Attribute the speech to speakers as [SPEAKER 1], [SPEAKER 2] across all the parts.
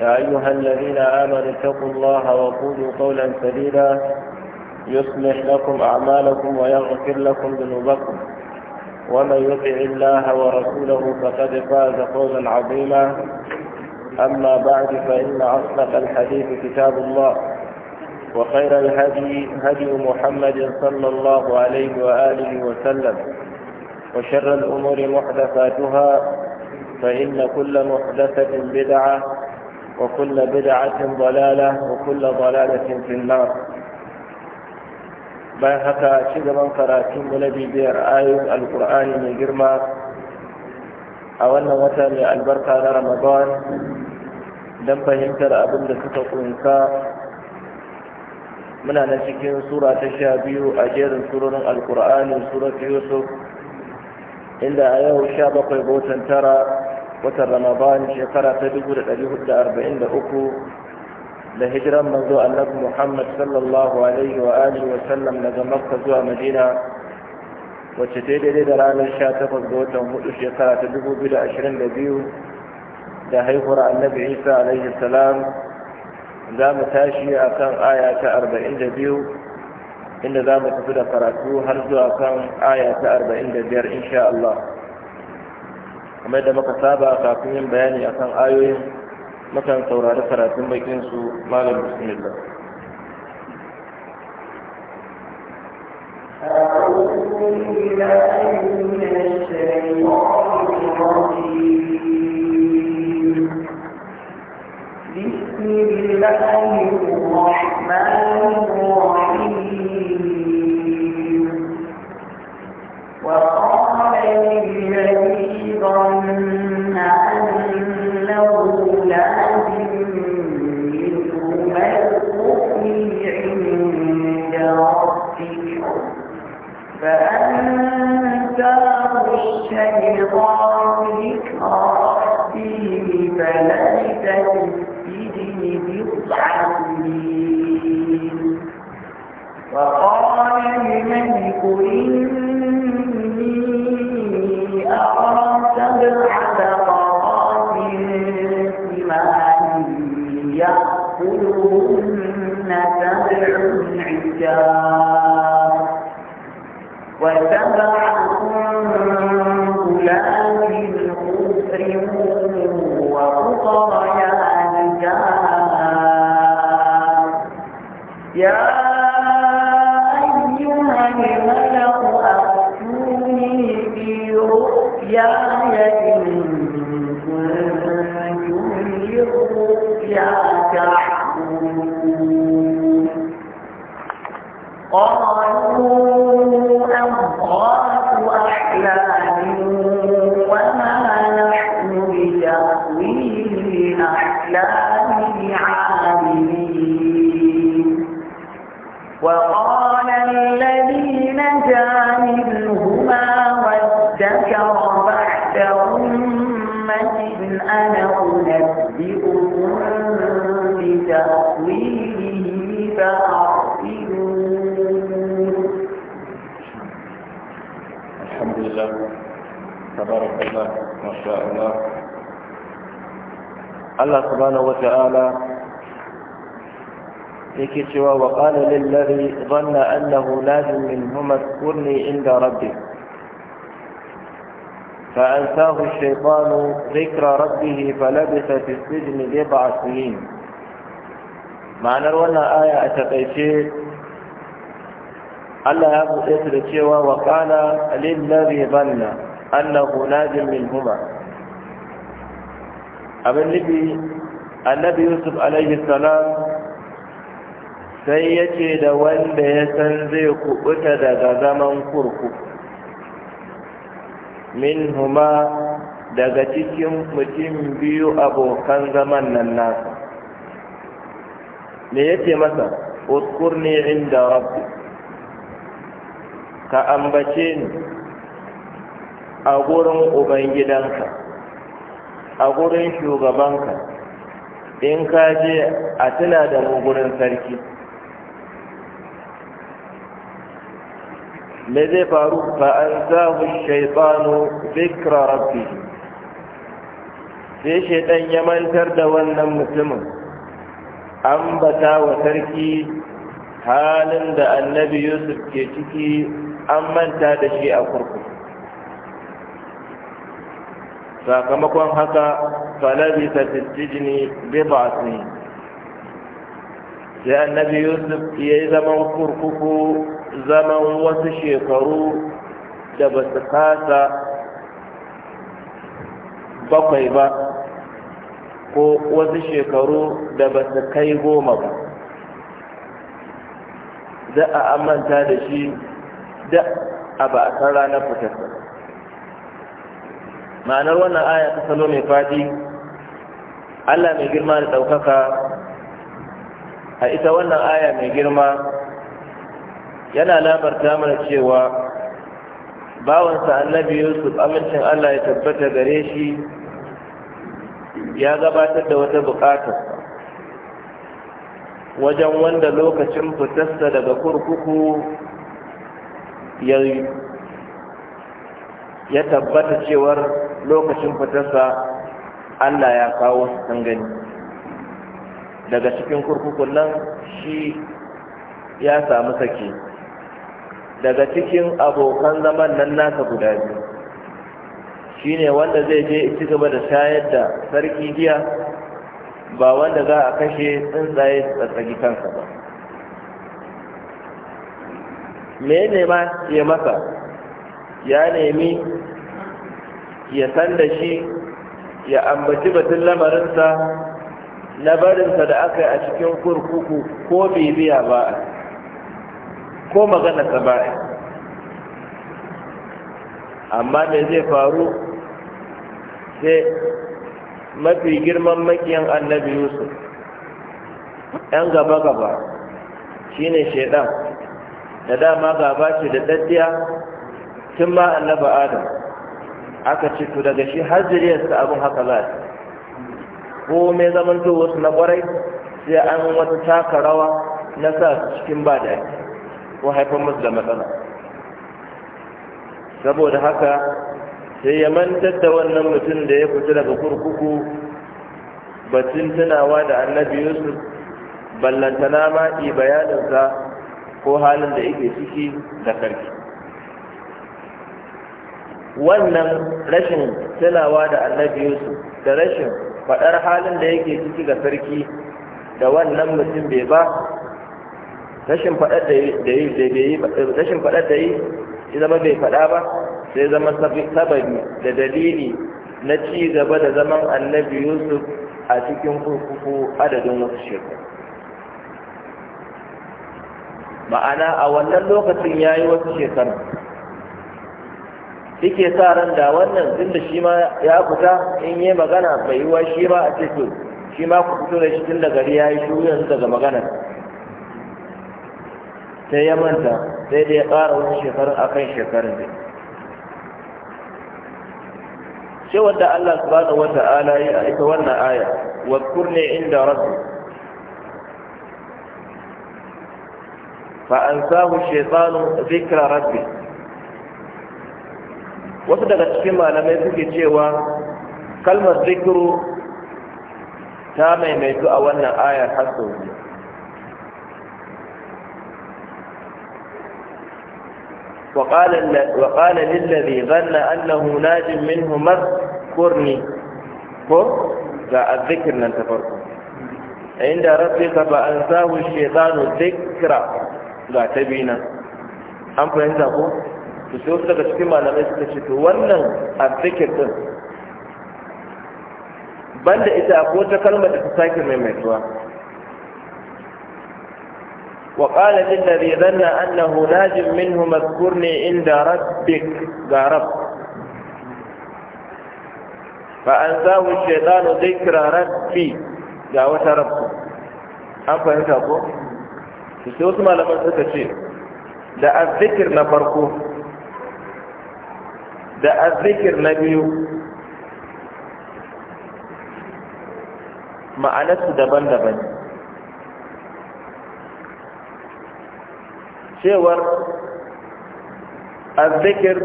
[SPEAKER 1] يا أيها الذين آمنوا اتقوا الله وقولوا قولا سديدا يصلح لكم أعمالكم ويغفر لكم ذنوبكم ومن يطع الله ورسوله فقد فاز فوزا عظيما أما بعد فإن أصدق الحديث كتاب الله وخير الهدي هدي محمد صلى الله عليه وآله وسلم وشر الأمور محدثاتها فإن كل محدثة بدعة وكل بدعة ضلالة وكل ضلالة في النار bayan haka ci gaban karatun na bibiyar ayoyin alkur'ani mai girma a wannan wata ne albarka na ramadan don fahimtar abinda suka kunsa muna na cikin sura ta sha biyu a jerin surorin alkur'ani surat yusuf inda a yau sha bakwai ga tara watan ramadan shekara ta 443 da hijiran manzo annabi muhammad sallallahu alaihi wa alihi wa sallam daga makka zuwa madina wacce ta daidai da ranar 18 ga watan hudu shekara ta 2022 da haihuwar annabi isa alaihi salam za mu tashi a kan aya ta 42 inda za mu tafi da karatu har zuwa kan aya ta 45 insha Allah. kamar da muka saba kafin yin bayani akan ayoyin mukan saurari karatun bakin su malam bismillah
[SPEAKER 2] أعوذ بالله بسم الله فلبث في السجن بضع سنين وقال الملك إني أرى سبع بقرات ثمان يأكلهن سبع عجاف قالوا
[SPEAKER 1] تبارك الله ما شاء الله الله سبحانه وتعالى يكتوى وقال للذي ظن أنه لازم منهما اذكرني عند ربي فأنساه الشيطان ذكر ربه فلبث في السجن لبع سنين معنى رونا آية أتقيشيه الله يقول إسر وقال للذي ظن annahu najin minhuma abin nufi annabi yusuf alaihi salam sai yace da wanda ya san zai kubuta daga zaman kurku minhuma daga cikin mutum biyu abokan zaman nan nasa me ya ce masa uskurni inda rabbi ka ambace ni a gurin ubangidanka a gurin shugabanka in ka je a tuna da mu gurin sarki me zai faru fa an zahu shaitanu zikra rabbi sai shaitan ya mantar da wannan mutumin an bata wa sarki halin da annabi yusuf ke ciki an manta da shi a kurkuku sakamakon haka falabisa fitijini bibasi sai annabi yusuf ya yi zaman kurkuku zaman wasu shekaru da ba su kasa bakwai ba ko wasu shekaru da ba su kai goma ba za a amanta da shi da a ba a san ranar fitar. ma'anar wannan aya ta salo mai fadi allah mai girma da ɗaukaka a ita wannan aya mai girma yana labarta mana cewa bawansa annabi yusuf amincin allah ya tabbata gare shi ya gabatar da wata buƙatar wajen wanda lokacin fitarsa daga kurkuku ya tabbata cewar lokacin fitarsa Allah ya kawo su sun gani daga cikin kurkukun nan shi ya samu sake daga cikin abokan zaman nan nasa guda biyu shi ne wanda zai je ci gaba da shayar da sarki jiya, ba wanda za a kashe tsuntsaye tsatsagi kansa ba me ne ma ya masa ya nemi ya san da shi ya ambaci batun lamarinsa na barinsa da aka yi a cikin kurkuku ko bibiya ba ko magana ta ba amma me zai faru sai mafi girman makiyan annabi yusuf ‘yan gaba-gaba shi ne shaidan da dama gaba ce da daddiya tun ma annaba adam aka ce to daga shi har zuriyarsa abin haka za ta ko mai zaman wasu na kwarai sai an wata taka rawa na sa cikin ba da ko haifar musu da matsala saboda haka sai ya mantar da wannan mutum da ya fita daga kurkuku batun tunawa da annabi yusuf ballantana ma bayaninsa ko halin da yake ciki da karki wannan rashin tunawa da annabi yusuf da rashin faɗar halin da yake ciki ga sarki da wannan mutum bai ba rashin faɗar da yi rashin faɗar da yi ya zama bai faɗa ba sai zama sababi da dalili na ci gaba da zaman annabi yusuf a cikin kurkuku adadin wasu shekaru ma'ana a wannan lokacin ya yi wasu shekaru yake sa ran da wannan tun da shi ma ya fita in yi magana bai yiwa shi ma a ce to shi ma ku fito da shi tun da gari ya yi shiru yanzu daga magana sai ya manta sai da ya ƙara wani shekarun akan shekarun ne sai wanda Allah subhanahu wata'ala ya aika wannan aya wa kurne inda rabbi fa ansahu shaytanu zikra rabbi wasu daga cikin malamai suke cewa kalmar zikiru ta maimaitu a wannan ayar har sau biyu وقال للذي ظن أنه ناج منه ko ga azzikir nan ta farko inda rabbika ba an sahu shaytanu zikira ga tabina an fahimta ko su sai wasu daga cikin malamai suka ce to wannan artikin din banda ita ko ta kalmar da ta sake mai mai tuwa wa ƙala jin da annahu Najim, min humaskur inda rabbi ga rab fa an zahu shaitanu zikira rabbi ga wata rabbi an fahimta ko? su sai wasu malamai suka ce da a na farko da azzikir na biyu ma'anarsu daban-daban cewar azzikir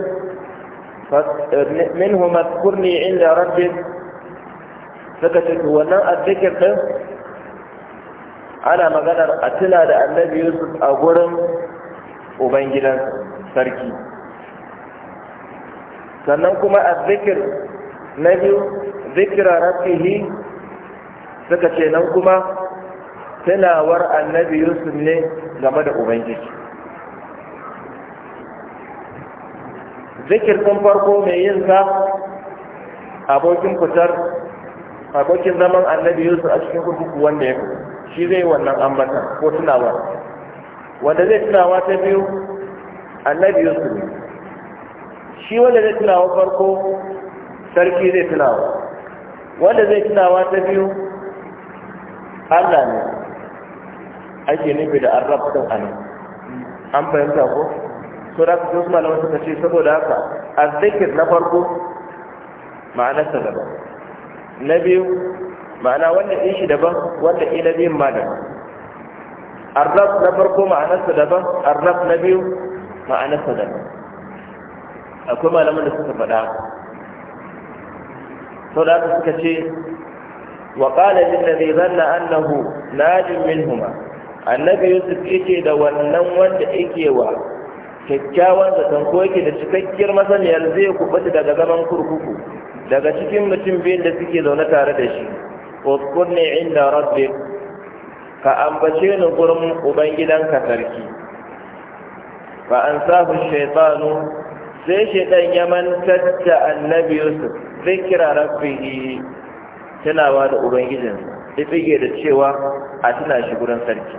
[SPEAKER 1] eh, minhu mazkurni inda rabbin suka ce wannan azzikir din ana maganar a tuna da annabi yusuf a gurin ubangidan sarki sannan kuma a zikir na biyu zikira rafihi suka ce nan kuma tunawar annabi yusuf ne game da ubangiji zikir sun farko mai yin sa abokin fitar abokin zaman annabi yusuf a cikin kurkuku wanda ya shi zai wannan ambata ko tunawa wanda zai tunawa ta biyu annabi yusuf ne shi wanda zai tunawa farko sarki zai tunawa wanda zai tunawa ta biyu allah ne ake nufi da an rabu ɗin an fahimta ko so da kuma malaman ta ce saboda haka zikir na farko ma'anarsa daban na biyu ma'ana wanda in shi daban wanda in na biyun ma daban arnab na farko ma'anarsa daban arnab na biyu ma'anarsa daban akwai malaman da suka faɗa sau da suka ce wa ƙala da zai zanna annahu najin min huma annabi yusuf yake da wannan wanda yake wa kyakkyawan zaton ko yake da cikakkiyar masaniyar zai kubuta daga zaman kurkuku daga cikin mutum biyun da suke zaune tare da shi ne inda rabbi ka ambace ni gurin ubangidanka sarki fa an sahu shaitanu sai ɗan ya mantar da annabi yusuf kira rabbihi tunawa da ubangijinsa ya fige da cewa a tuna shi gudun sarki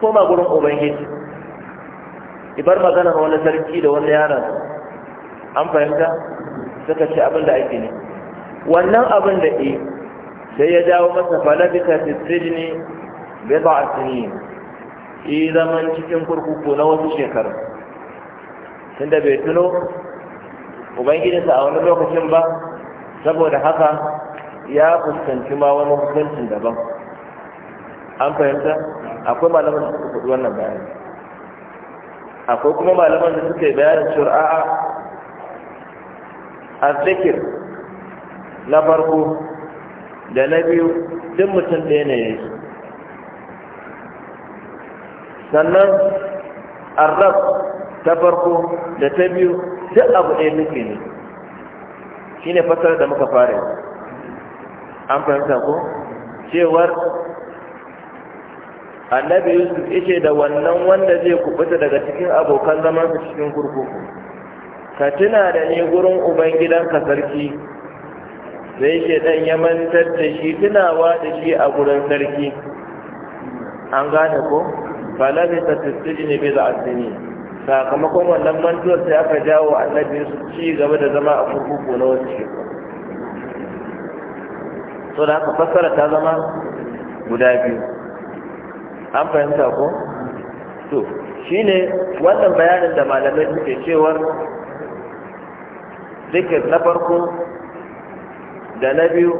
[SPEAKER 1] ko gudun gurin ubangiji ibar maganar wani sarki da wani yaron an fahimta suka ce abin da ake ne wannan abin da e sai ya jawo masa falafita fitrijini bai ba a sini yi zaman cikin kurkuku na wasu shekaru tunda bai tuno ubangidansa a wani lokacin ba saboda haka ya fuskanci ma wani hukuncin daban an fahimta akwai malaman da suka wannan bayani akwai kuma malaman da suka yi bayanin cewar a'a zikir na farko da na biyu duk mutum da yanayi su sannan arrab ta farko da ta biyu duk abu ɗaya nufi ne shi ne fasar da muka fara an fahimta ko cewar annabi yusuf ishe da wannan wanda zai kubuta daga cikin abokan su cikin kurkuku ka tuna da ni gurin ubangidanka sarki sai ɗan ya mantar da shi tunawa da shi a gurin sarki an gane ko ta tattali ne bai za a sakamakon wannan mantuwar sai aka jawo annabi su ci gaba da zama a kurkuku na wasu shekaru so da haka fassara ta zama guda biyu an fahimta ko to shine wannan bayanin da malamai suke cewar zikir na farko da na biyu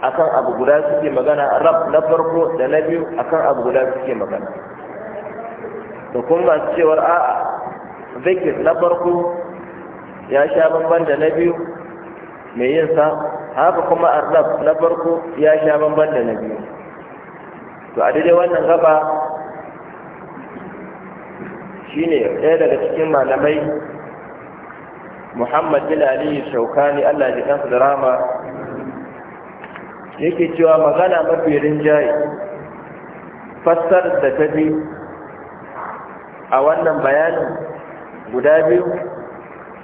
[SPEAKER 1] akan abu guda suke magana rab na farko da na biyu akan abu guda suke magana da kuma masu cewar a'a zikir na farko ya sha bamban da na biyu mai yin sa haka kuma arzab na farko ya sha bamban da na biyu to a daidai wannan gaba shi ne ɗaya daga cikin malamai muhammad bin ali ne? allah ji kansu da rama yake cewa magana mafi rinjaye fassar da ta bi a wannan bayanin guda biyu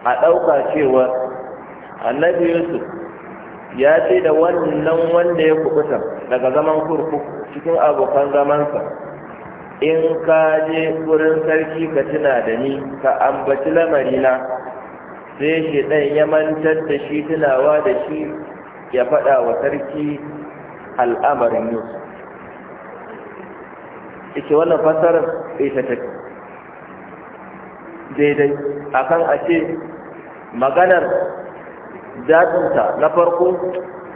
[SPEAKER 1] a ɗauka cewa annabi yusuf ya ce da wannan wanda ya kubuta daga zaman kurkuku cikin abokan zamansa in ka je wurin sarki ka tuna da ni ka ambaci lamarina sai shi ɗan ya mantar da shi tunawa da shi ya faɗa wa sarki al'amarin yusuf ita wannan fasarar ita take daidai akan a ce maganar daɗinta na farko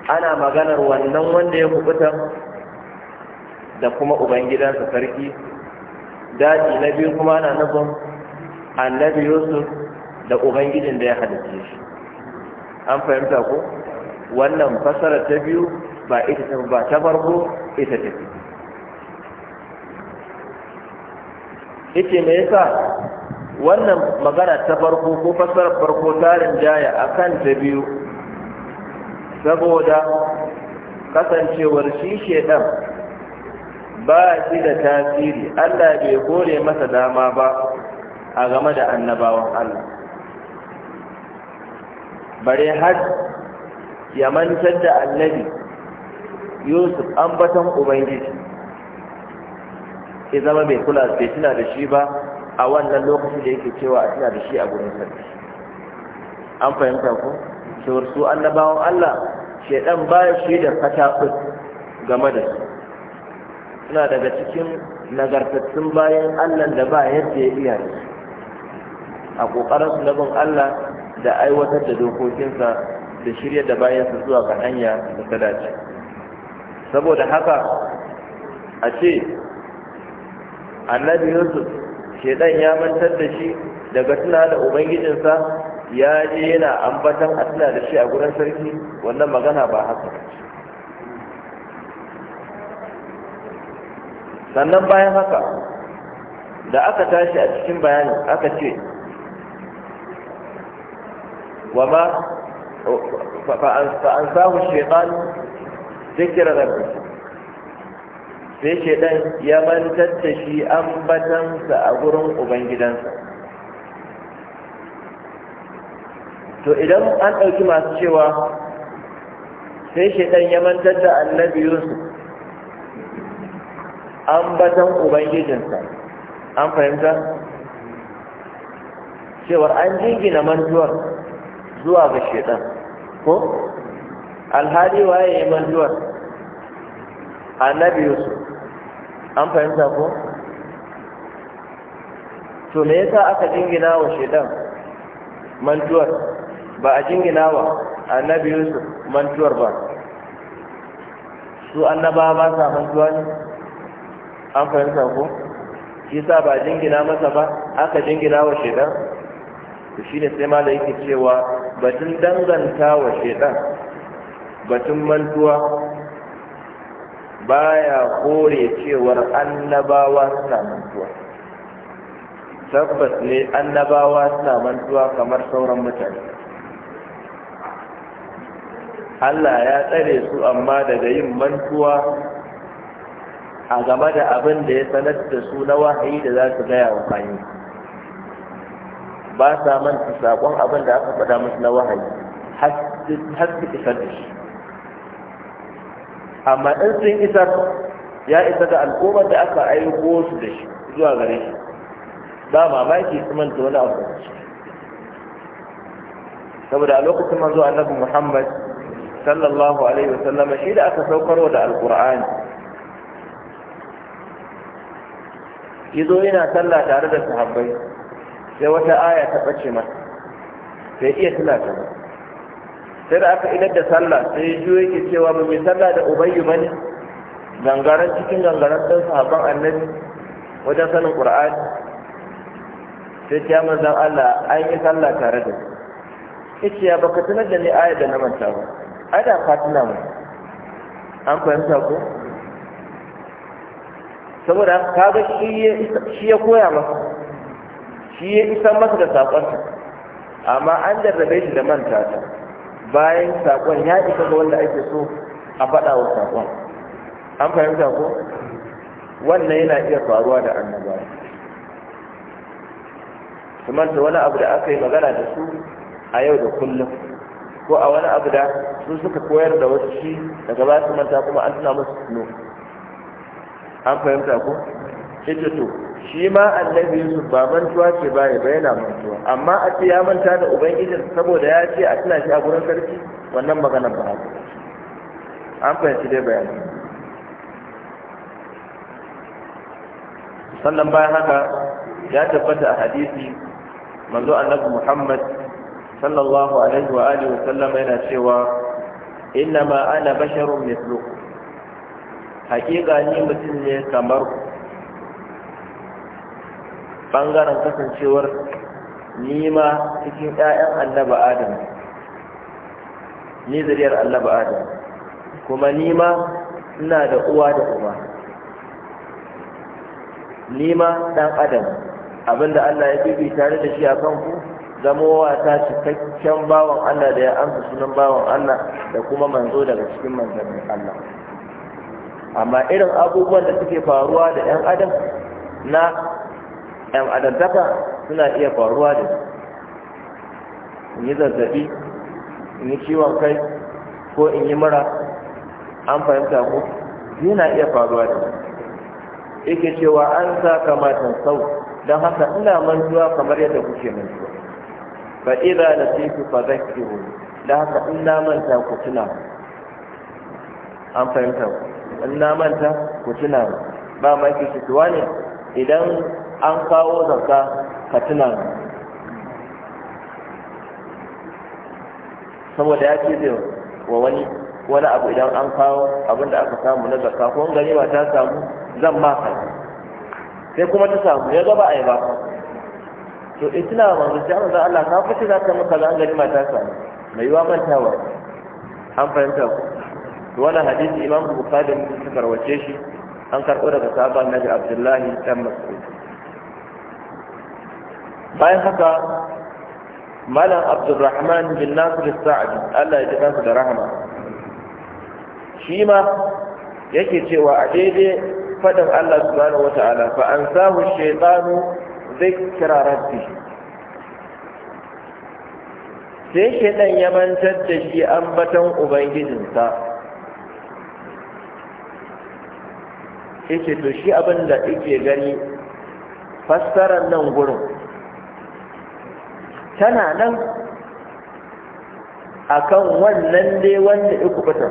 [SPEAKER 1] ana maganar wannan wanda ya kubuta da kuma ubangidansa sarki daji na biyu kuma ana nufin annabi yusuf da ubangijin da ya halitta shi an fahimta ku? wannan fasara ta biyu ba ita ta ba ta farko ita ta fi ita me yasa wannan magana ta farko ko fassarar farko tarin jaya akan ta biyu saboda kasancewar shi shedan ba shi da tasiri Allah bai kore masa dama ba a game da annabawan Allah bare har ya mantar da annabi Yusuf batan Ubangiji ya zama mai kula da shi ba a wannan lokacin da yake cewa ina da shi a gurin sarki an fahimta ko cewar su annabawan Allah shaidan baya shi da katabus game da su suna daga cikin nagartattun bayan Allah da ba yadda ya iya da a kokarin su nabin Allah da aiwatar da dokokinsa da shirya da bayansa zuwa ga hanya da ta dace saboda haka a ce annabi Yusuf shaidan ya mantar da shi daga tuna da ubangijinsa ya je yana ambatan a tuna da shi a gudan sarki wannan magana ba haka sannan bayan haka da aka tashi a cikin bayani aka ce wa ma fa'ansahu shaitan zikirar rabbi sai ɗan ya mantar da shi ambatansa a gurin ubangidansa to idan an ɗauki masu cewa sai ɗan ya mantar da annabi yusuf ambatan ubangijinsa an fahimta cewa an jingina mantuwar zuwa ga shedan ko alhali waye mantuwar annabi yusuf an fahimta ko to me yasa aka jingina wa shaidan mantuwar ba a jingina wa annabi yusuf mantuwar ba su annaba ba sa mantuwa ne an fahimta ko shi sa ba jingina masa ba aka jingina wa shaidan to shine sai mala yake cewa batun danganta wa shaidan batun mantuwa baya kore cewar annabawa suna mantuwa tabbas ne annabawa suna mantuwa kamar sauran mutane Allah ya tsare su amma daga yin mantuwa a game da abin da ya sanar da su na wahayi da za su gaya wa bayi ba sa manta saƙon abin da aka faɗa musu na wahayi har su kisar da shi amma in sun isa ya isa da al'ummar da aka aiko su da shi zuwa gare shi ba mamaki su manta wani abu saboda a lokacin manzo annabi Muhammad sallallahu alaihi wasallama shi da aka saukarwa da alqur'ani yazo yana sallah tare da sahabbai sai wata aya ta bace masa sai iya tana ta sai da aka idar da sallah sai ya juyo yake cewa ba mai sallah da ubayyu bane gangaren cikin gangaren ɗan sahabban annabi wajen sanin qur'ani sai ta zan Allah an yi sallah tare da shi ya baka tunar da ni ayar da na manta ba ai da fatina mu an fahimta ko saboda kaga shi ya koya masa shi ya isa masa da saƙonsa amma an jarrabe shi da manta ta bayan saƙon ya isa ga wanda ake so a faɗa wa saƙon an fahimta ko wannan yana iya faruwa da annabawa su manta wani abu da aka yi magana da su a yau da kullum ko a wani abu da su suka koyar da wasu shi daga ba su manta kuma an tuna musu tuno an fahimta ko ita to shi ma annabi yusuf ba mantuwa ce ba ba yana mantuwa amma a ce ya manta da ubangijin saboda ya ce a tuna shi a gurin sarki wannan magana ba haka an fahimci dai bayani sannan bayan haka ya tabbata a hadisi manzo annabi muhammad sallallahu alaihi wa alihi wasallam yana cewa inna ma ana basharun mithlukum haƙiƙa ni mutum ne kamar ku Bangaren kasancewar nima cikin 'ya'yan annaba adam ni zariyar annaba adam kuma nima ina da uwa da uba nima ɗan adam abinda allah ya bibi tare da shi a kanku zamowa ta cikakken bawan allah da ya amsa sunan bawan allah da kuma manzo daga cikin manzannin allah amma irin abubuwan da suke faruwa da 'yan adam na yan adantaka suna iya faruwa da in yi zazzabi in yi ciwon kai ko in yi mura an fahimta ko yana iya faruwa da yake cewa an sa kamatan sau don haka ina mantuwa kamar yadda kuke mantuwa fa idza nasitu fa dhakkiru don haka ina manta ku tuna an fahimta ku in na manta ku tuna ba ma ki tuwa ne idan an kawo zakka ka tuna saboda ya ce wa wani wani abu idan an kawo abinda aka samu na zakka ko gani ba ta samu zan ma kai sai kuma ta samu ya gaba a yi ba to in eh, tuna manzo sai an zan Allah ka fice za ka maka zan gani ma ta samu mai yiwa mantawa an fahimta ku to wannan hadisi imam bukhari da suka rawace shi an karɓo daga sahaban nabi abdullahi dan mas'ud bayan haka malam abdulrahman bin nasir sa'adi allah ya ji kansa da rahama shi ma yake cewa a daidai faɗin allah subhanahu wata'ala fa an samu shaitanu kira rabbi sai shaitan ya mantar da shi ambatan ubangijinsa yake to shi abin da yake gani fassarar nan gurin tana nan akan wannan dai wanda ya kubuta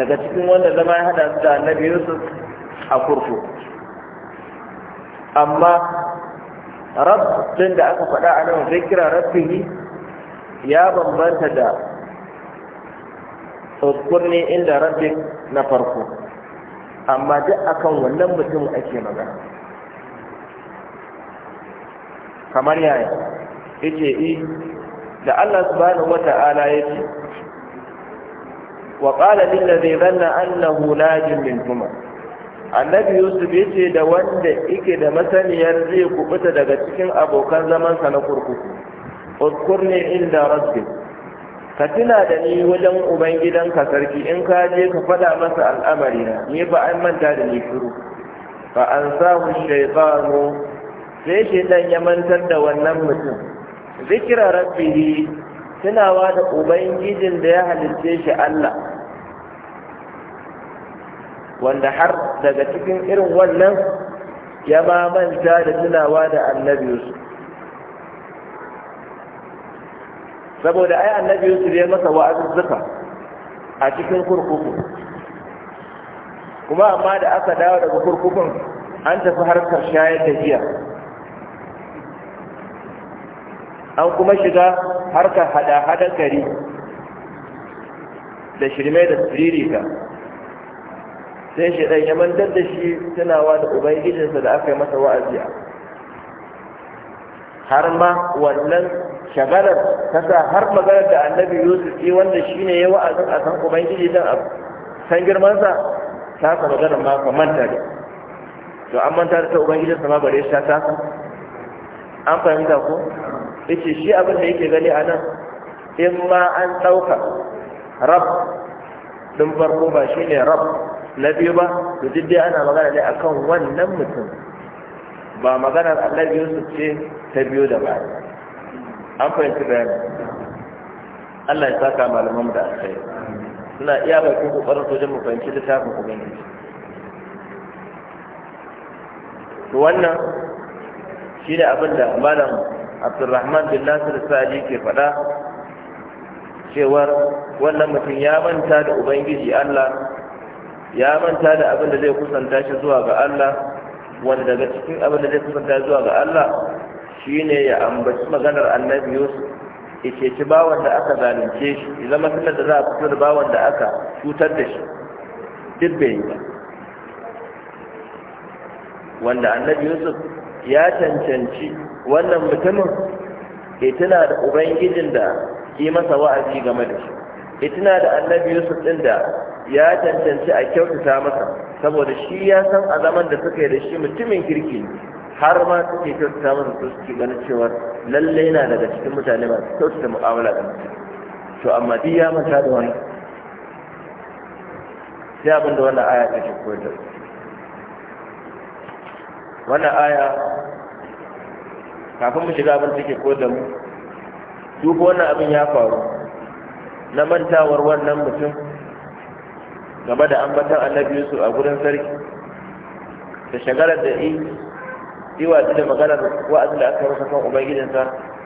[SPEAKER 1] daga cikin wanda zama ya hada da da annabi yusuf a kurku amma rabbin da aka fada a nan zai rabbin yi ya bambanta da tsokkun ne inda rabbin na farko amma duk akan wannan mutum ake magana kamar yaya ita yi eh. da Allah subhanahu wata'ala ce. wa qala lil ladhi dhanna annahu min kuma annabi yusuf yace da wanda yake da masaniyar zai kubuta daga cikin abokan zamansa na kurkuku ne inda rabbi ka tuna da ni wajen ka sarki in ka je ka faɗa masa al'amari ne ni ba an manta da ni furu. fa an samu shaytanu sai ɗan ya mantar da wannan mutum zikira rabbihi tunawa da ubangijin da ya halitte shi Allah wanda har daga cikin irin wannan ya manta da tunawa da annabi Yusuf saboda ai annabi Yusuf ya masa wa'azuzzuka a cikin kurkuku kuma amma da aka dawo daga kurkukun an tafi harkar shayar da jiya an kuma shiga harkar hada-hadar gari da shirme da ka, sai shi ɗan yamantar da shi tunawa da ubangijinsa da aka yi masa wa'azi har ma wannan shagalar ta sa har maganar da annabi yusuf yi wanda shi ne ya wa'azin a san ubangiji don a san girmansa ta sa maganar ma ka manta da to an manta da ta ubangijinsa ma bare shi ta sa an fahimta ko yace shi abin da yake gani a nan in ma an ɗauka rab ɗin farko ba shi ne rab na biyu ba da jiddi ana magana ne akan wannan mutum ba maganar annabi yusuf ce ta biyu da ba an fahimci bayani Allah ya saka malaman da aka yi suna iya bakin kokarin sojan mu fahimci littafin ubangiji to wannan shi ne abin da malam abdurrahman bin nasir sa'adi ke faɗa cewar wannan mutum ya manta da ubangiji allah ya manta da abin da zai kusanta shi zuwa ga allah wanda daga cikin abin da zai kusanta zuwa ga allah shine ya ambaci maganar annabi yusuf Ya ceci bawan da aka zalunce shi ya zama sanar da za a fito da bawan da aka cutar da shi duk bai yi ba wanda annabi yusuf ya cancanci wannan mutumin ya tuna da ubangijin da ke masa wa'azi game da shi ke tuna da annabi yusuf ɗin da ya cancanci a kyautata masa saboda shi ya san a zaman da suka yi da shi mutumin kirki har ma suke kyautata masa su suke ganin cewa lallai yana daga cikin mutane masu kyautata mu'amala da mutum to amma duk ya manta da wani sai abin da wannan aya take koyar wannan aya kafin mu shiga abin take ko da mu duk wannan abin ya faru na mantawar wannan mutum game da ambatan annabi su a gurin sarki da shagarar da yi iwa da maganar wa'azi da aka rasa kan ubangijinsa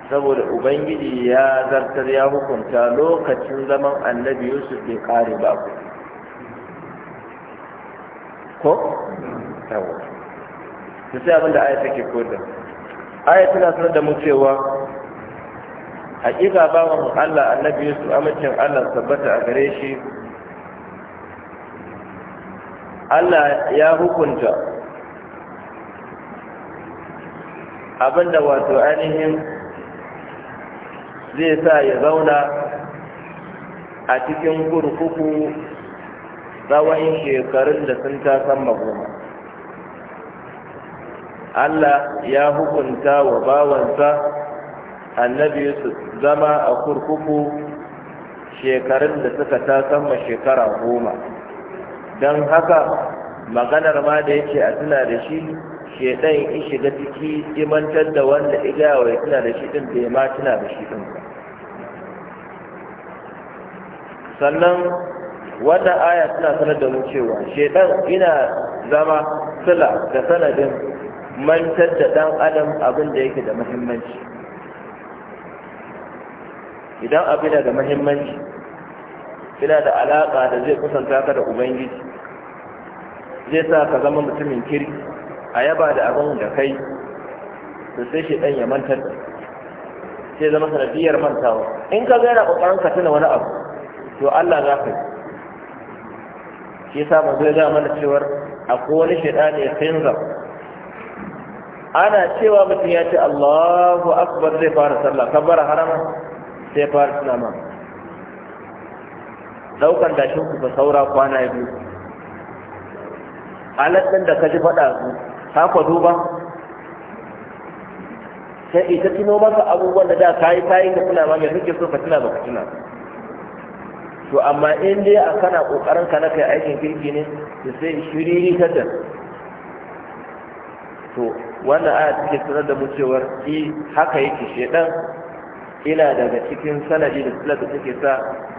[SPEAKER 1] saboda ubangiji ya zartar ya hukunta lokacin zaman annabi yusuf bai kare ba ku ko? tawo ta sai abinda aya take koda aya tana sanar da mu cewa hakika bawan Allah annabi Yusuf amincin Allah tabbata a gare shi Allah ya hukunta abinda wato ainihin zai sa ya zauna a cikin kurkuku tsawon shekarun da sun ta san magoma Allah ya hukunta wa bawansa annabi su zama a kurkuku shekarun da suka ta sama shekara goma don haka maganar ma da yake a tuna da shi shedan in shiga ciki imantar da wanda igawa ya tuna da shi din bai ma tuna da shi din sannan wannan aya tana sanar da mu cewa shedan ina zama sila da sanadin mantar da ɗan adam abin da yake da muhimmanci idan abin da muhimmanci yana da alaƙa da zai kusanta ka da ubangiji zai sa ka zama mutumin kiri a yaba da abin da kai da sai shi ɗan ya mantar da sai zama sanadiyar mantawa in ka gaira ƙoƙarin ka tuna wani abu to Allah za ka yi shi sa manzo ya ga mana cewar akwai wani ne ya kai ana cewa mutum ya ce Allahu akbar zai fara sallah kabbara harama sai fara sunama daukan dashin ku fa saura kwana biyu alat da ka ji faɗa su haka duba sai ita tuno ka abubuwan da da kayi kayi ka tuna ma me kake so ka tuna ba ka tuna to amma in dai a kana kokarin ka na kai aikin kirki ne to sai shiriri ta da to wannan aya take sanar da mu cewar i eh, haka yake shedan ina daga cikin sanadi da sulat da take sa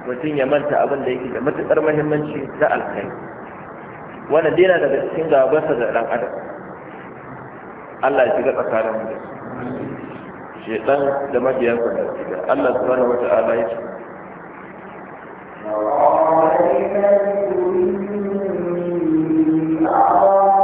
[SPEAKER 1] mutum ya manta abin da yake da matuƙar muhimmanci da alkai wannan dina na daga cikin gabansa da dan adam Allah ya shiga tsakanin mu shedan da mabiyan ku da Allah subhanahu wata'ala ya ce
[SPEAKER 2] Oh,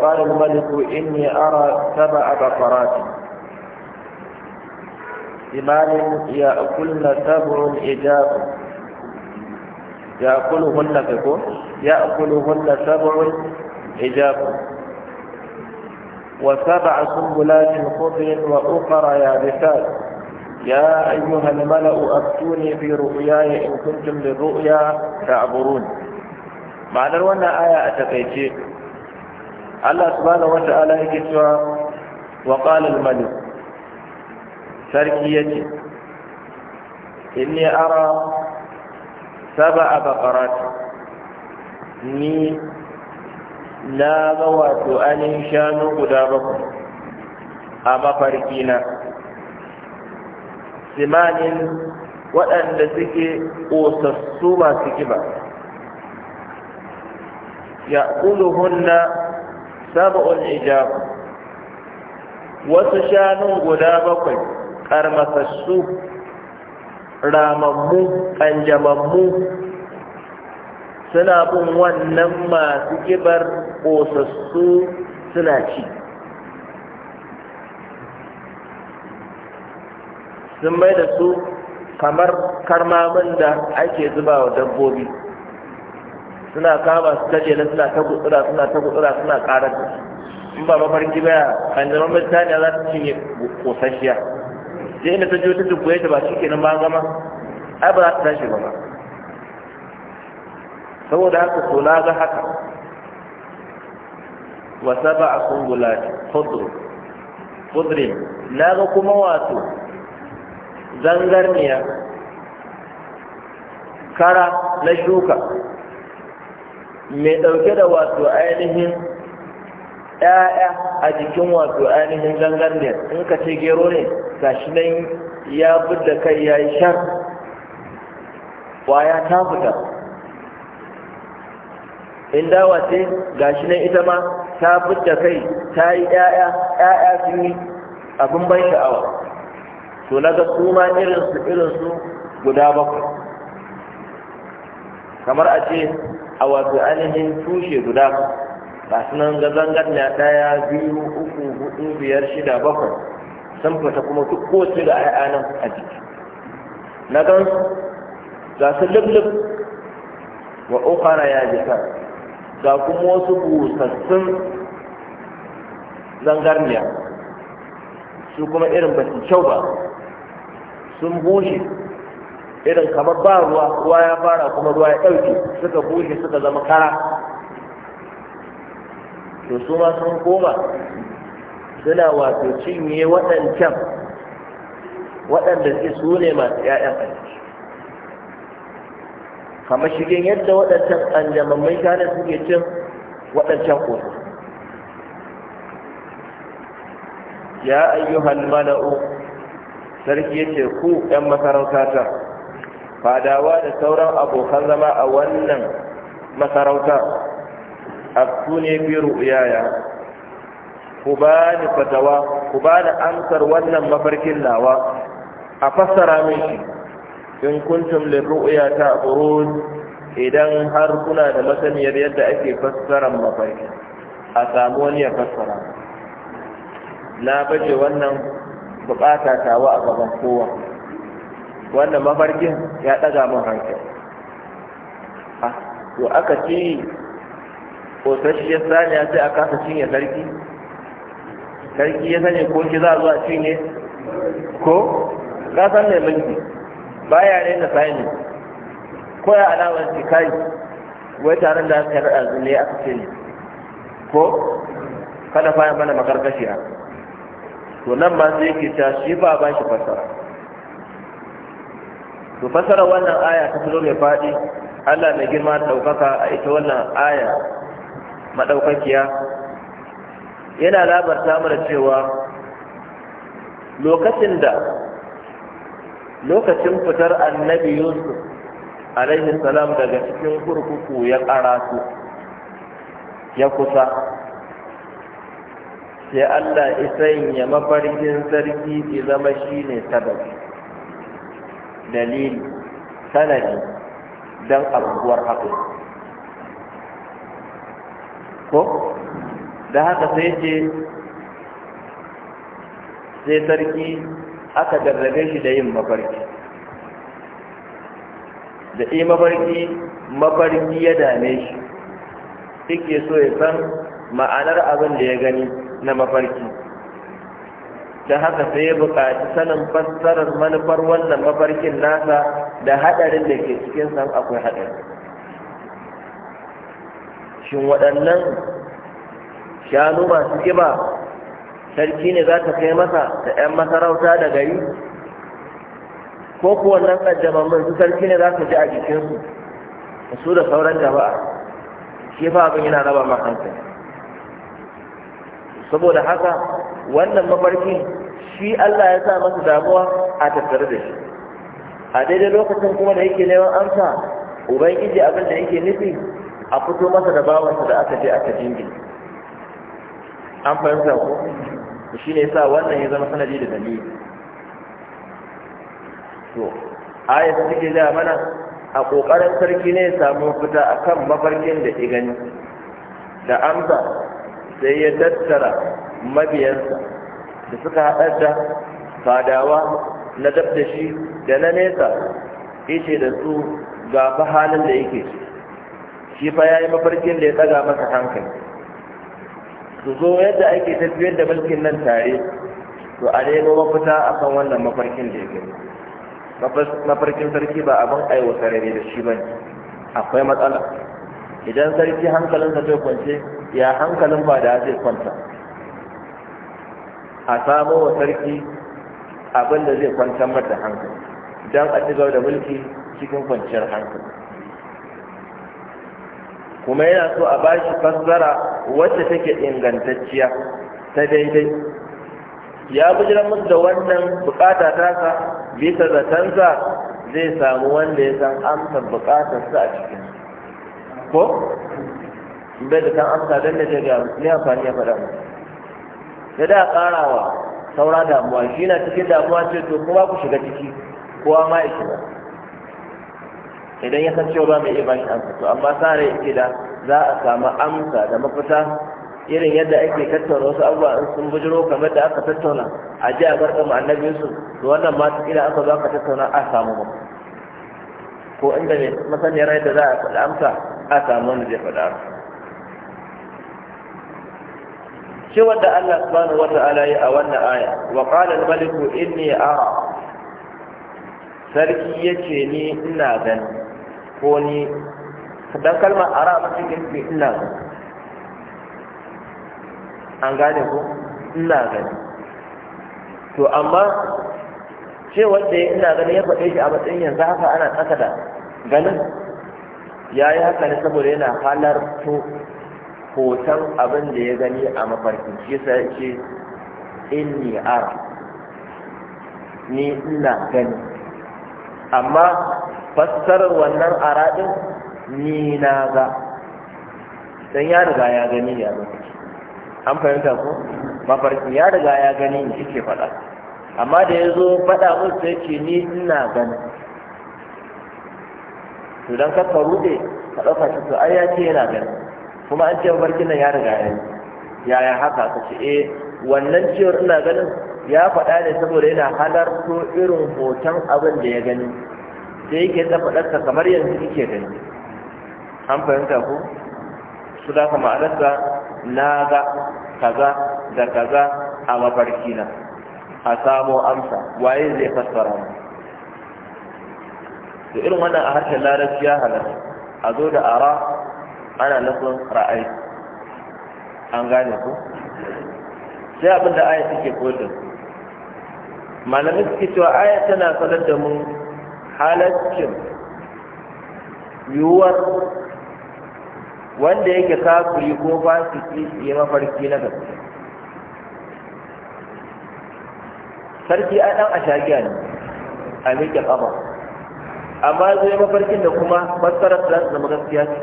[SPEAKER 1] وقال الملك إني أرى سبع بقرات ثمان يأكلن سبع إجاب يأكلهن تكون يأكلهن سبع إجاب وسبع سنبلات خضر وأخرى يابسات يا أيها الملأ أفتوني في رؤياي إن كنتم للرؤيا تعبرون معنى wannan آية a Allah subhanahu wata'ala yake cewa wa qala al-malik sarki yace inni ara sab'a baqarat ni na ga wato anin shanu guda bakwai a mafarki na simanin waɗanda suke ƙosassu masu kiba ya hunna sab'un ijab wasu shanun guda bakwai karmasassu ramammu ƙanjamammu suna bin wannan masu kibar ƙosassu suna ci sun mai da su kamar karmamin da ake zuba wa dabbobi suna kama su kaje na suna ta gutsura suna ta gutsura suna karar da in ba mafarki ba kanjaman mutane za su cinye kosashiya sai inda ta je ta dubbe ta ba shi kenan ba gama ai ba za ta tashi ba ba. saboda haka to na ga haka wa saba a kungula khudru khudri na ga kuma wato zangarniya kara na shuka mai ɗauke da wato ainihin ɗaya a jikin wato ainihin ne in ka ce gero ne gashi nan ya buɗe kai ya yi shan, ƙwaya ta fita in dawa ce gashi nan ita ma ta buɗe kai ta yi ɗaya ɗaya sun yi abin ban sha'awa to na ga su ma irinsu irinsu guda bakwai kamar a ce a wato ainihin tushe guda ba su nan gazangar na ɗaya biyu uku hudu biyar shida bakwai sun fita kuma duk kowace da ay'a a jiki na gan ga su lublub wa ukara ya jika ga kuma wasu busassun zangarniya su kuma irin ba su kyau ba sun bushe irin kamar ba ruwa ruwa ya fara kuma ruwa ya ɗauke suka bushe suka zama kara to su ma sun koma suna wato cinye waɗancan waɗanda suke su ne masu ‘ya'yan aiki kamar shigen yadda waɗancan ƙanjamammai shanu suke cin waɗancan kotu ya ayyuhan mala'u sarki yace ku ‘yan ta. fadawa da sauran abokan zama a wannan masarauta A ne fi ru'yaya ku ba ni fatawa ku ba ni amsar wannan mafarkin nawa a fassara min shi in kuntum lirru'ya ta'qurun idan har kuna da masaniyar yadda ake fassara mafarki a samu wani ya fassara na baje wannan bukata tawa a gaban kowa wannan mafarkin ya ɗaga min hankali to aka ce ƙosasshiyar saniya sai a kasa cinye sarki sarki ya sani ko ki za a zuwa cinye ko kasan mai mulki baya ne na sani ko ya alawar ki kai wai taron da aka yarda yanzu ne aka ce ne ko kada fa mana makarkashiya to nan ma sai ki ta shi ba ba shi fasara to fasara wannan aya ta fito mai faɗi Allah mai girma ɗaukaka a ita wannan aya maɗaukakiya yana labarta mana cewa lokacin da lokacin fitar annabi yusuf alaihi salam daga cikin kurkuku ya su ya kusa sai Allah ya sanya mafarkin sarki ki zama shine sababi dalil sanadi don abubuwar haƙin ko da haka sai ce sai sarki aka darrabe shi da yin mafarki da yi mafarki mafarki ya dame shi yake so ya san ma'anar abin da ya gani na mafarki da haka sai ya buƙaci sanin fassarar manufar wannan mafarkin nasa da haɗarin da ke cikin san akwai haɗari shin waɗannan shanu masu ƙiba sarki ne za ta kai masa da 'yan masarauta da gari ko kuwa nan ƙaddamammin su sarki ne za ta ji a jikinsu da su da sauran jama'a shi fa abin yana raba ma hankali saboda haka wannan mafarkin shi Allah ya sa masa damuwa a tattare da shi a daidai lokacin kuma da yake neman amsa ubangiji abin da yake nufi a fito masa da bawansa da aka je aka jingi an fahimta ko shi ne sa wannan ya zama sanadi da dalili to ayat da take da mana a kokarin sarki ne ya samu fita akan mafarkin da igani da amsa sai ya tattara mabiyansa da suka haɗar da fadawa na dab da shi da na nesa ita da su ga fa halin da yake shi fa yayi mafarkin da ya tsaga masa hankali su zo yadda ake tafiyar da mulkin nan tare to a nemo mafita kan wannan mafarkin da yake mafarkin sarki ba abin aiwatar ne da shi bane akwai matsala idan sarki hankalinsa zai kwance ya hankalin ba da zai kwanta a samo wa sarki abin da zai kwantar mata hankali don a ci da mulki cikin kwanciyar hankali kuma yana so a ba shi fassara wacce take ingantacciya ta daidai ya bujiran musu da wannan bukata tasa bisa zatansa zai samu wanda ya san amsar bukatarsa a cikin ko bai da san amsa don da ta ga ne amfani ya faɗa musu da da karawa saura damuwa shi na cikin damuwa ce to kuma ku shiga ciki ko ma ya ba idan ya san cewa ba mai iya bashi amsa to amma sare yake da za a samu amsa da mafita irin yadda ake tattauna wasu abubuwa in sun bujiro kamar da aka tattauna a ji a garka mu annabi to wannan ma su kila aka zo aka tattauna a samu ba ko inda ne masaniyar yadda za a faɗa amsa a samu wanda zai faɗa amsa ce wanda Allah subhanahu wata'ala ya a wannan aya wa qala al maliku inni ara sarki yace ni ina gani ko ni dan kalmar ara mace ke ina gani an gane ko ina gani to amma ce wanda ya ina gani ya faɗe shi a matsayin yanzu haka ana tsaka da ganin ya yi haka ne saboda yana to hoton abin da ya gani a mafarkin shi sa ya ce inni ara ni ina gani amma fassarar wannan ara din ni na ga dan ya riga ya gani ya zo an fahimta ko mafarkin ya riga ya gani shi ke faɗa amma da ya zo faɗa mun sai ce ni ina gani to dan ka rude ka ɗauka shi to ai ya ce yana gani kuma an ce mafarkin nan ya riga ya yaya haka ka ce eh wannan ciwon ina ganin ya faɗa ne saboda yana halarto irin hoton abin da ya gani sai yake ta faɗarsa kamar yanzu kike gani an fahimta ku? su da kama alarsa na ga kaza da kaza a mafarki na a samo amsa waye zai fassara mu da irin wannan a harshen larabci ya halarta a zo da ara ana nufin ra'ayi an gane ku sai abin da aya suke koyar malamai suke cewa aya tana sanar da mu halaccin yiwuwar wanda yake kafiri ko ba fasiki yi mafarki na gaske sarki a ɗan ashagiya ne a miƙe ƙafa amma zai mafarkin da kuma masarar da zama gaskiya ce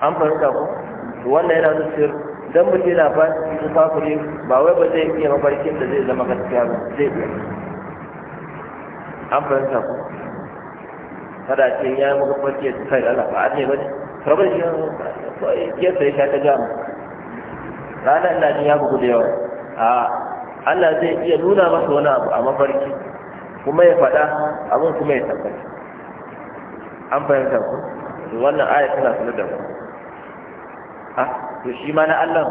[SPEAKER 1] an fahimta ku wannan yana nufin sir dan mutum yana ba su kafiri ba wai ba zai iya mafarkin da zai zama gaskiya ba zai iya an fahimta ku? kada ce ya yi mafarki ya kai Allah ba ne ba ne rabar shi ya sai ya ta gama ranar na ji ya bugu da yawa a Allah zai iya nuna masa wani abu a mafarki kuma ya faɗa abin kuma ya tabbata an fahimta ku wannan aya tana sanar da ku? a to shi ma na Allah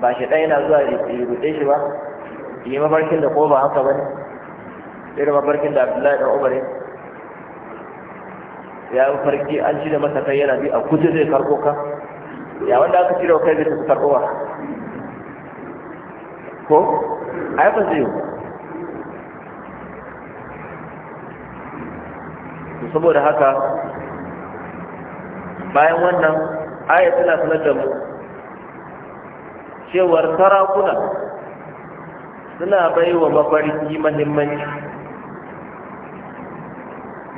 [SPEAKER 1] ba shi ɗaya na zuwa ya rute shi ba yi mafarkin da ko ba haka ba ne irin mafarkin da Abdullahi da Umar ya yi farki an ci da masa kai yana bi a kuje zai karɓo ka ya wanda aka ci da kai zai tafi karɓo ba ko ai ba zai yi saboda haka bayan wannan aya tana sanar da mu cewar sarakuna suna bai wa mafarki mahimmanci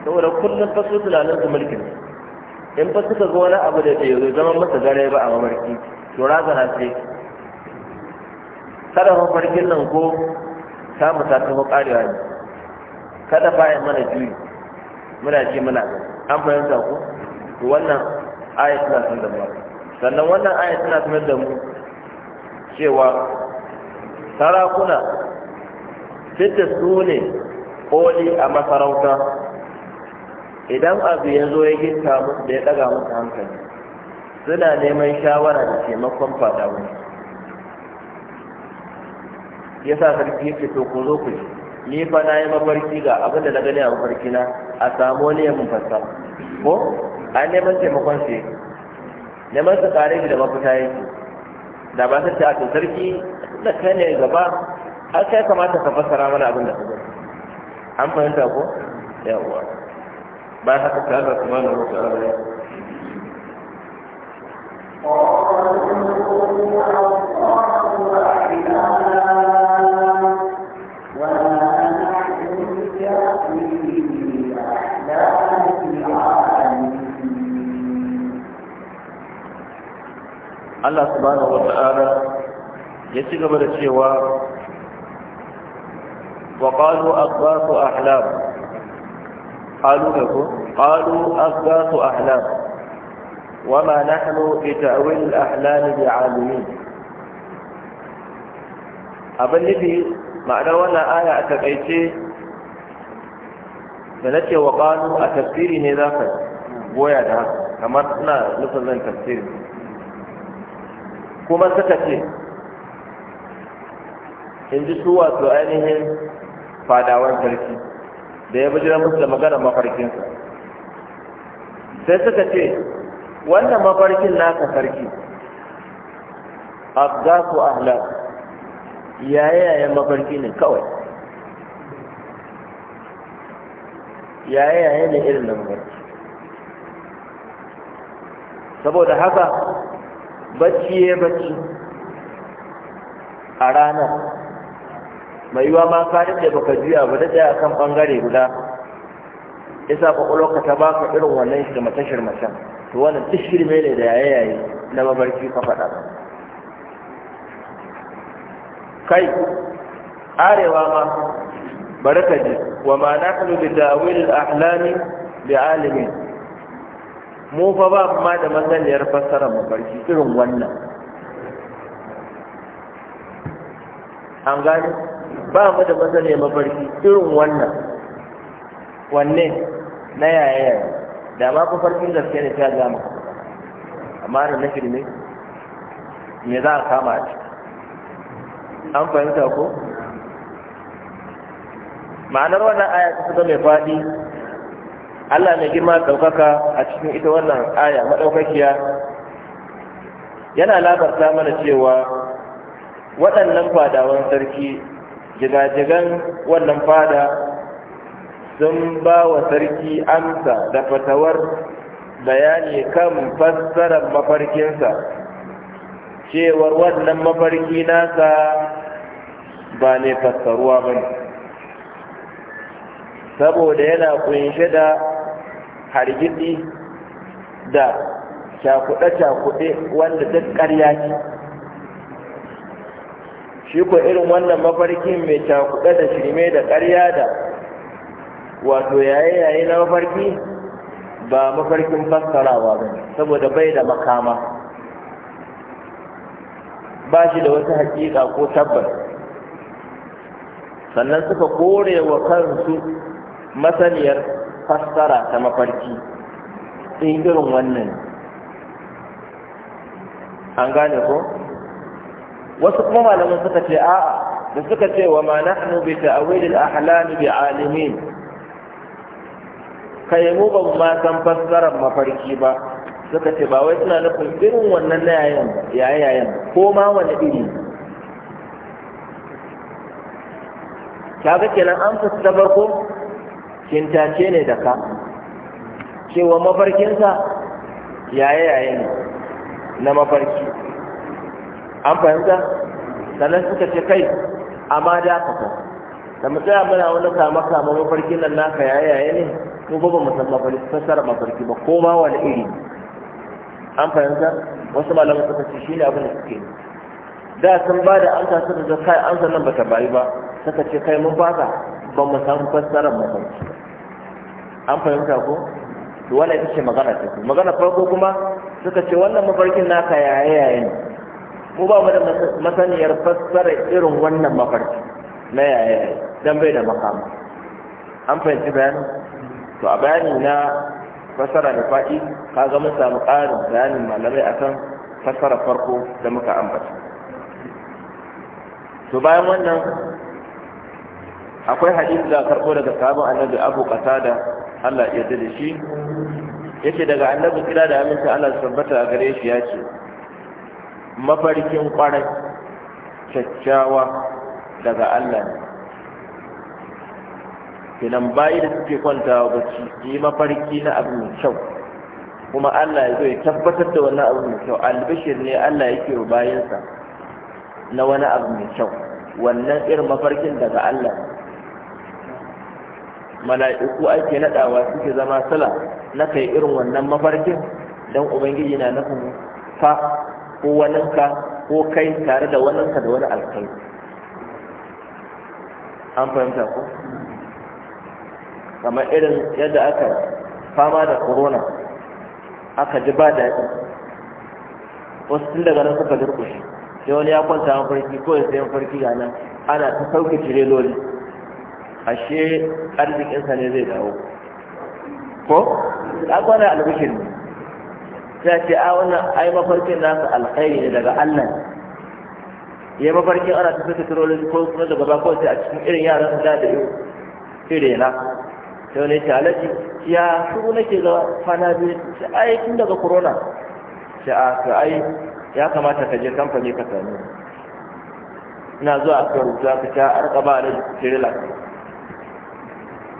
[SPEAKER 1] saboda kullum fa su tunanin su mulkin in fa suka ga wani abu da bai zo zama masa gare ba a mafarki to razana ce kada mafarkin nan ko ta musa ta karewa ne kada bayan mana juyi muna ce muna an fahimta ku? wannan aya suna sun da sannan wannan aya suna sun da mu cewa sarakuna fita su ne koli a masarauta idan abu ya zo ya gita musu da ya daga musu hankali suna neman shawara da taimakon fada wani ya sa sarki ya to ku zo ku ni fa na yi mafarki ga abinda da na gani a mafarki na a samu wani ya mun fassara ko a neman taimakon su neman su tare da mafita yi da ba su ce a to sarki da kai ne gaba har kai kamata ka fassara mana abin da ka gani an fahimta ko yawwa ba haka ta na rufe a ta'ala
[SPEAKER 3] Oh, my
[SPEAKER 4] God.
[SPEAKER 1] Allah subhanahu wa ta'ala ya ci gaba da cewa wa qalu aqbasu ahlam qalu ko qalu aqbasu ahlam wama nahnu bi ta'wil al-ahlam bi'alimin abin nufi ma'anar wannan aya a takaice da nake ce wa ƙanu a tafsiri ne za ka goya da haka kamar suna nufin zan tafsiri kuma suka ce in ji su wato ainihin fadawar sarki da ya bijiran musu da maganar mafarkinsa sai suka ce wannan mafarkin naka sarki abdaku ahla yayayen mafarki ne kawai yayayen ne irin nan mafarki saboda haka bacci ya bacci a ranar mai yiwa ma ka da baka juya ba da tsaye kan bangare guda yasa kwakwalwarka ta baka irin wannan shirmace-shirmacen to wannan duk shirme ne da yayaye na mabarki ka faɗa ba kai arewa ma barakaji wa ma nahnu bi ta'wil al-ahlami bi alimin mu fa ba ma da masaniyar fassara mafarki irin wannan an gani ba mu da masaniyar mafarki irin wannan wanne na yaya da ma mafarkin gaske ne ta gama amma da na shirme me za a kama a an fahimta ko ma'anar wannan aya ta zama mai faɗi Allah na girma ɗaukaka a cikin ita wannan aya maɗaukakiya yana labarta mana cewa waɗannan fadawan sarki jigajigan wannan fada sun ba wa sarki amsa da fatawar bayani kan fassarar mafarkinsa cewar wannan mafarki nasa ba ne fassaruwa ba saboda yana kunshe da hargitsi da cakuɗe-cakuɗe wanda duk ƙarya ce shi ko irin wannan mafarkin mai cakuɗe da shirme da ƙarya da wato yaye-yaye na mafarki ba mafarkin fassarawa ba saboda bai da makama ba shi da wata haƙiƙa ko tabbas sannan suka kore wa kansu masaniyar fassara ta mafarki in irin wannan an gane ko wasu kuma malamin suka ce a'a da suka ce wa hannu bai ta ta'wilil ahlam bi alimin Ka yi ba ma san fassarar mafarki ba suka ce ba wai suna nufin irin wannan na yayin yayayen ko ma wani iri kaga kenan an fita
[SPEAKER 4] farko
[SPEAKER 1] kintace ne da ka cewa mafarkinsa yaye-yaye ne na mafarki an fahimta sannan suka ce kai amma da fata da mu tsaya muna wani kama-kama mafarkin nan naka yaye-yaye ne ko ba mu san mafarki fassara mafarki ba ko ma wani iri an fahimta wasu malaman suka ce shi ne abin da suke da sun ba da an suka ce kai amsa nan ba ta bayi ba suka ce kai mun fata ba mu san fassarar mafarki an fahimta ko to wala ita ce magana ta su magana farko kuma suka ce wannan mafarkin naka yaya yaya ne mu ba mu da masaniyar fassara irin wannan mafarki na yaya yaya dan bai da makama an fahimci bayanin to a bayani na fassara da faɗi ga mun samu ƙarin bayanin malamai akan fassara farko da muka ambata to bayan wannan akwai hadisi da karɓo daga sabon annabi abu qatada Allah ya da shi yake daga annabi kira da aminta Allah tabbata a gare shi ya ce mafarkin kwarai kyakkyawa daga Allah ne kinan bayi da suke kwantawa bacci yi mafarki na abu mai kyau kuma Allah ya zo ya tabbatar da wannan abu mai kyau albishir ne Allah yake wa bayansa na wani abu mai kyau wannan irin mafarkin daga Allah ne mala'iku ake nadawa suke zama sala na kai irin wannan mafarkin dan ubangiji na nufin fa ko waninka ko kai tare da waninka da wani alkai an fahimta ko kamar irin yadda aka fama da corona aka ji ba daɗi wasu tun daga nan suka durƙushe sai wani ya kwanta mafarki ko ya sayan farki ga nan ana ta sauke lori. ashe arzikinsa ne zai dawo ko ɗakwarar albishir ne sai ce a wannan ai mafarkin nasa alkhairi ne daga allah ya mafarkin ana tafi ta turolin ko kuma daga ba kawai sai a cikin irin yaran da da yau sai na yana sai wani ce alaji ya shuru nake ga kwana biyu sai ai tun daga corona sai a to ai ya kamata ka je kamfani ka sami ina zuwa a kan rubuta ka ta arka ba da tirila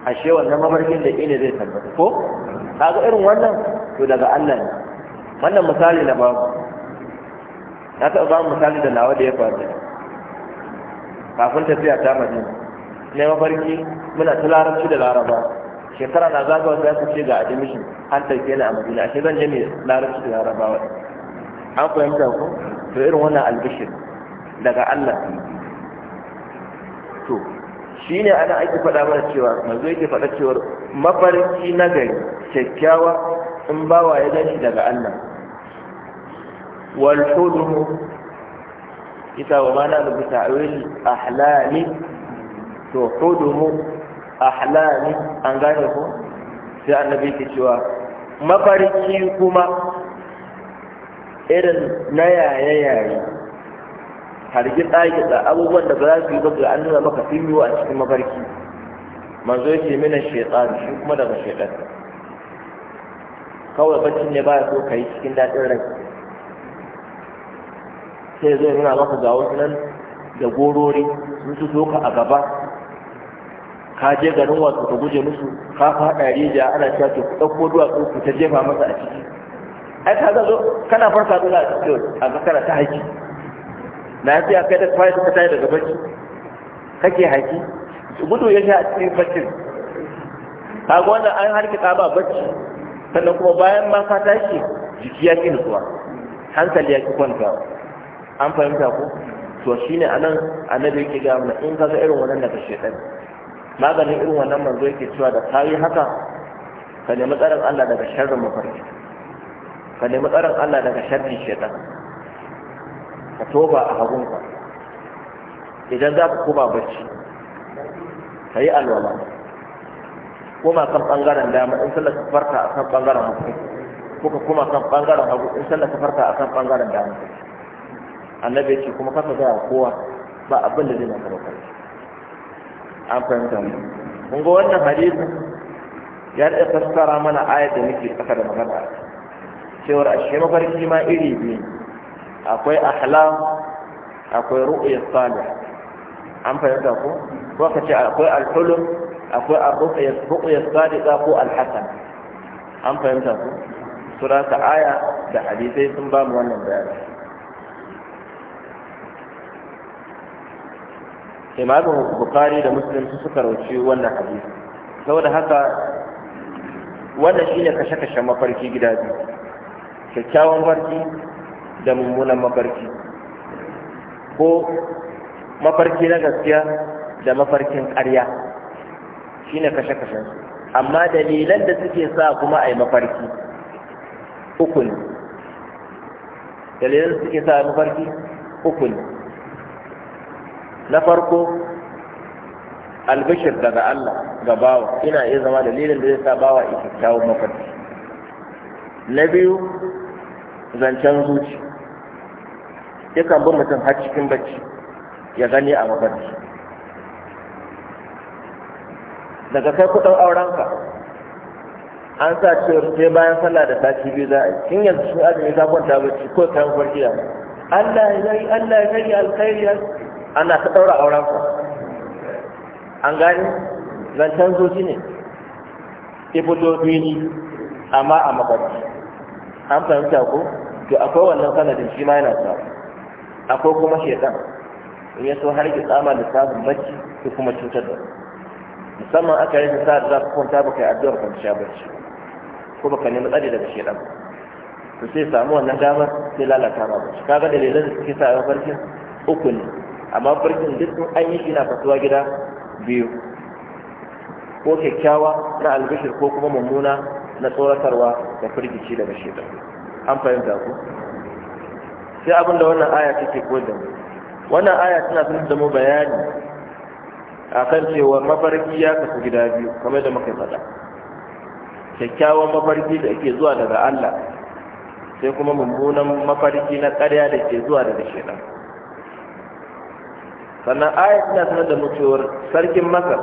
[SPEAKER 1] ashe wannan mafarkin da ne zai tabbata ko kaga irin wannan to daga Allah ne wannan misali na babu na taɓa ba misali da nawa da ya faru kafin tafiya ta mace ne mafarki muna ta larabci da laraba shekara na zaga wanda ya ce ga admission an ɗauke ni a madina ashe zan je ne larabci da larabawa an fahimta ku to irin wannan albishir daga Allah to shine ana ake faɗa mana cewa manzo yake faɗa cewa mafarki na gari kyakkyawa in bawa ya gani daga Allah wal hulmu ita wa mana da ta'wil ahlali to hulmu ahlali an gane ko sai annabi ke cewa mafarki kuma irin na yayayaye ɗaki da abubuwan da ba za su yi ba ga an nuna maka sun a cikin mafarki manzo yake mina shaitan shi kuma daga shaitan kawai baccin ne baya so ka yi cikin daɗin rai sai zai nuna maka ga wasu nan da gorori sun su so ka a gaba ka je garin wasu ka guje musu ka faɗa rijiya ana cewa to ku ɗauko duwatsu ku ta jefa masa a ciki ai ka zo kana farka zuwa a cikin a ga kana ta haiki lafiya kai da kwaya suka tayi daga bacci kake haki gudu ya sha a cikin bacci kaga wanda an harki ba bacci sannan kuma bayan ma ka tashi jiki ya ki nutsuwa hankali ya ki kwanta an fahimta ko to shine anan annabi yake ga mana in ga irin wannan daga shedan maganin irin wannan manzo yake cewa da kayi haka ka nemi tsarin Allah daga sharrin mafarki ka nemi tsarin Allah daga sharrin shaitan ka toba a hagunka idan za ka kuma bacci ka yi alwala kuma kan ɓangaren dama in sallar ka farka a kan ɓangaren hagu kuka kuma kan ɓangaren hagu in sallar ka farka a kan ɓangaren dama annabi ya ce kuma kasa gaya kowa ba abin da zai maka ba kai an fahimta mu Mun ga wannan hadisi ya da tsara mana ayat da muke tsaka da magana cewar ashe mafarki ma iri biyu akwai ahlam akwai ru'ya salih an fahimta ko ko kace akwai al-hulum akwai ar-ru'ya ru'ya sadiqa ko al-hasan an fahimta ko sura ta aya da hadisai sun ba mu wannan bayani imamu bukari da muslim su suka rauci wannan hadisi saboda haka wannan shine kashe-kashen mafarki gida biyu kyakkyawan farki da mummunan mafarki ko mafarki na gaskiya da mafarkin ƙarya shi ne kashe-kashen su amma dalilan da suke sa kuma a yi mafarki uku ne dalilan da suke sa a yi mafarki uku ne na farko albishir daga Allah ga bawa ina iya zama dalilin da zai sa bawa ya mafarki na biyu zancen zuci kan bi mutum har cikin bacci ya gani a mabarci daga kai kudin aurenka an sa ce sai bayan sallah da sati biyu za a yi kin yanzu sun azumi ta kwanta bacci ko kayan farkiya Allah ya yi Allah ya yi alkhairi ana ta daura aurenka an gani zan canzo shi ne ibudo dini amma a mabarci an fahimta ko to akwai wannan sanadin shi ma yana samu akwai kuma shaitan in ya so har ki tsama samun bacci ki kuma cutar da musamman aka yi sa da za ku kwanta baka yi addu'ar sha bacci ko baka nemi tsari daga shaitan to sai samu wannan damar sai lalata ma bacci kaga dalilan da suke sa farkin uku ne amma farkin duk sun an yi shi na fasuwa gida biyu ko kyakkyawa na albishir ko kuma mummuna na tsoratarwa da firgici daga shaitan an fahimta ku sai abin da wannan aya take koyar da mu wannan aya tana sanar da mu bayani akan cewa mafarki ya kasu gida biyu kamar da muka faɗa kyakkyawan mafarki da ake zuwa daga Allah sai kuma mummunan mafarki na ƙarya da ke zuwa daga shaitan sannan aya tana sanar da mutuwar sarkin masar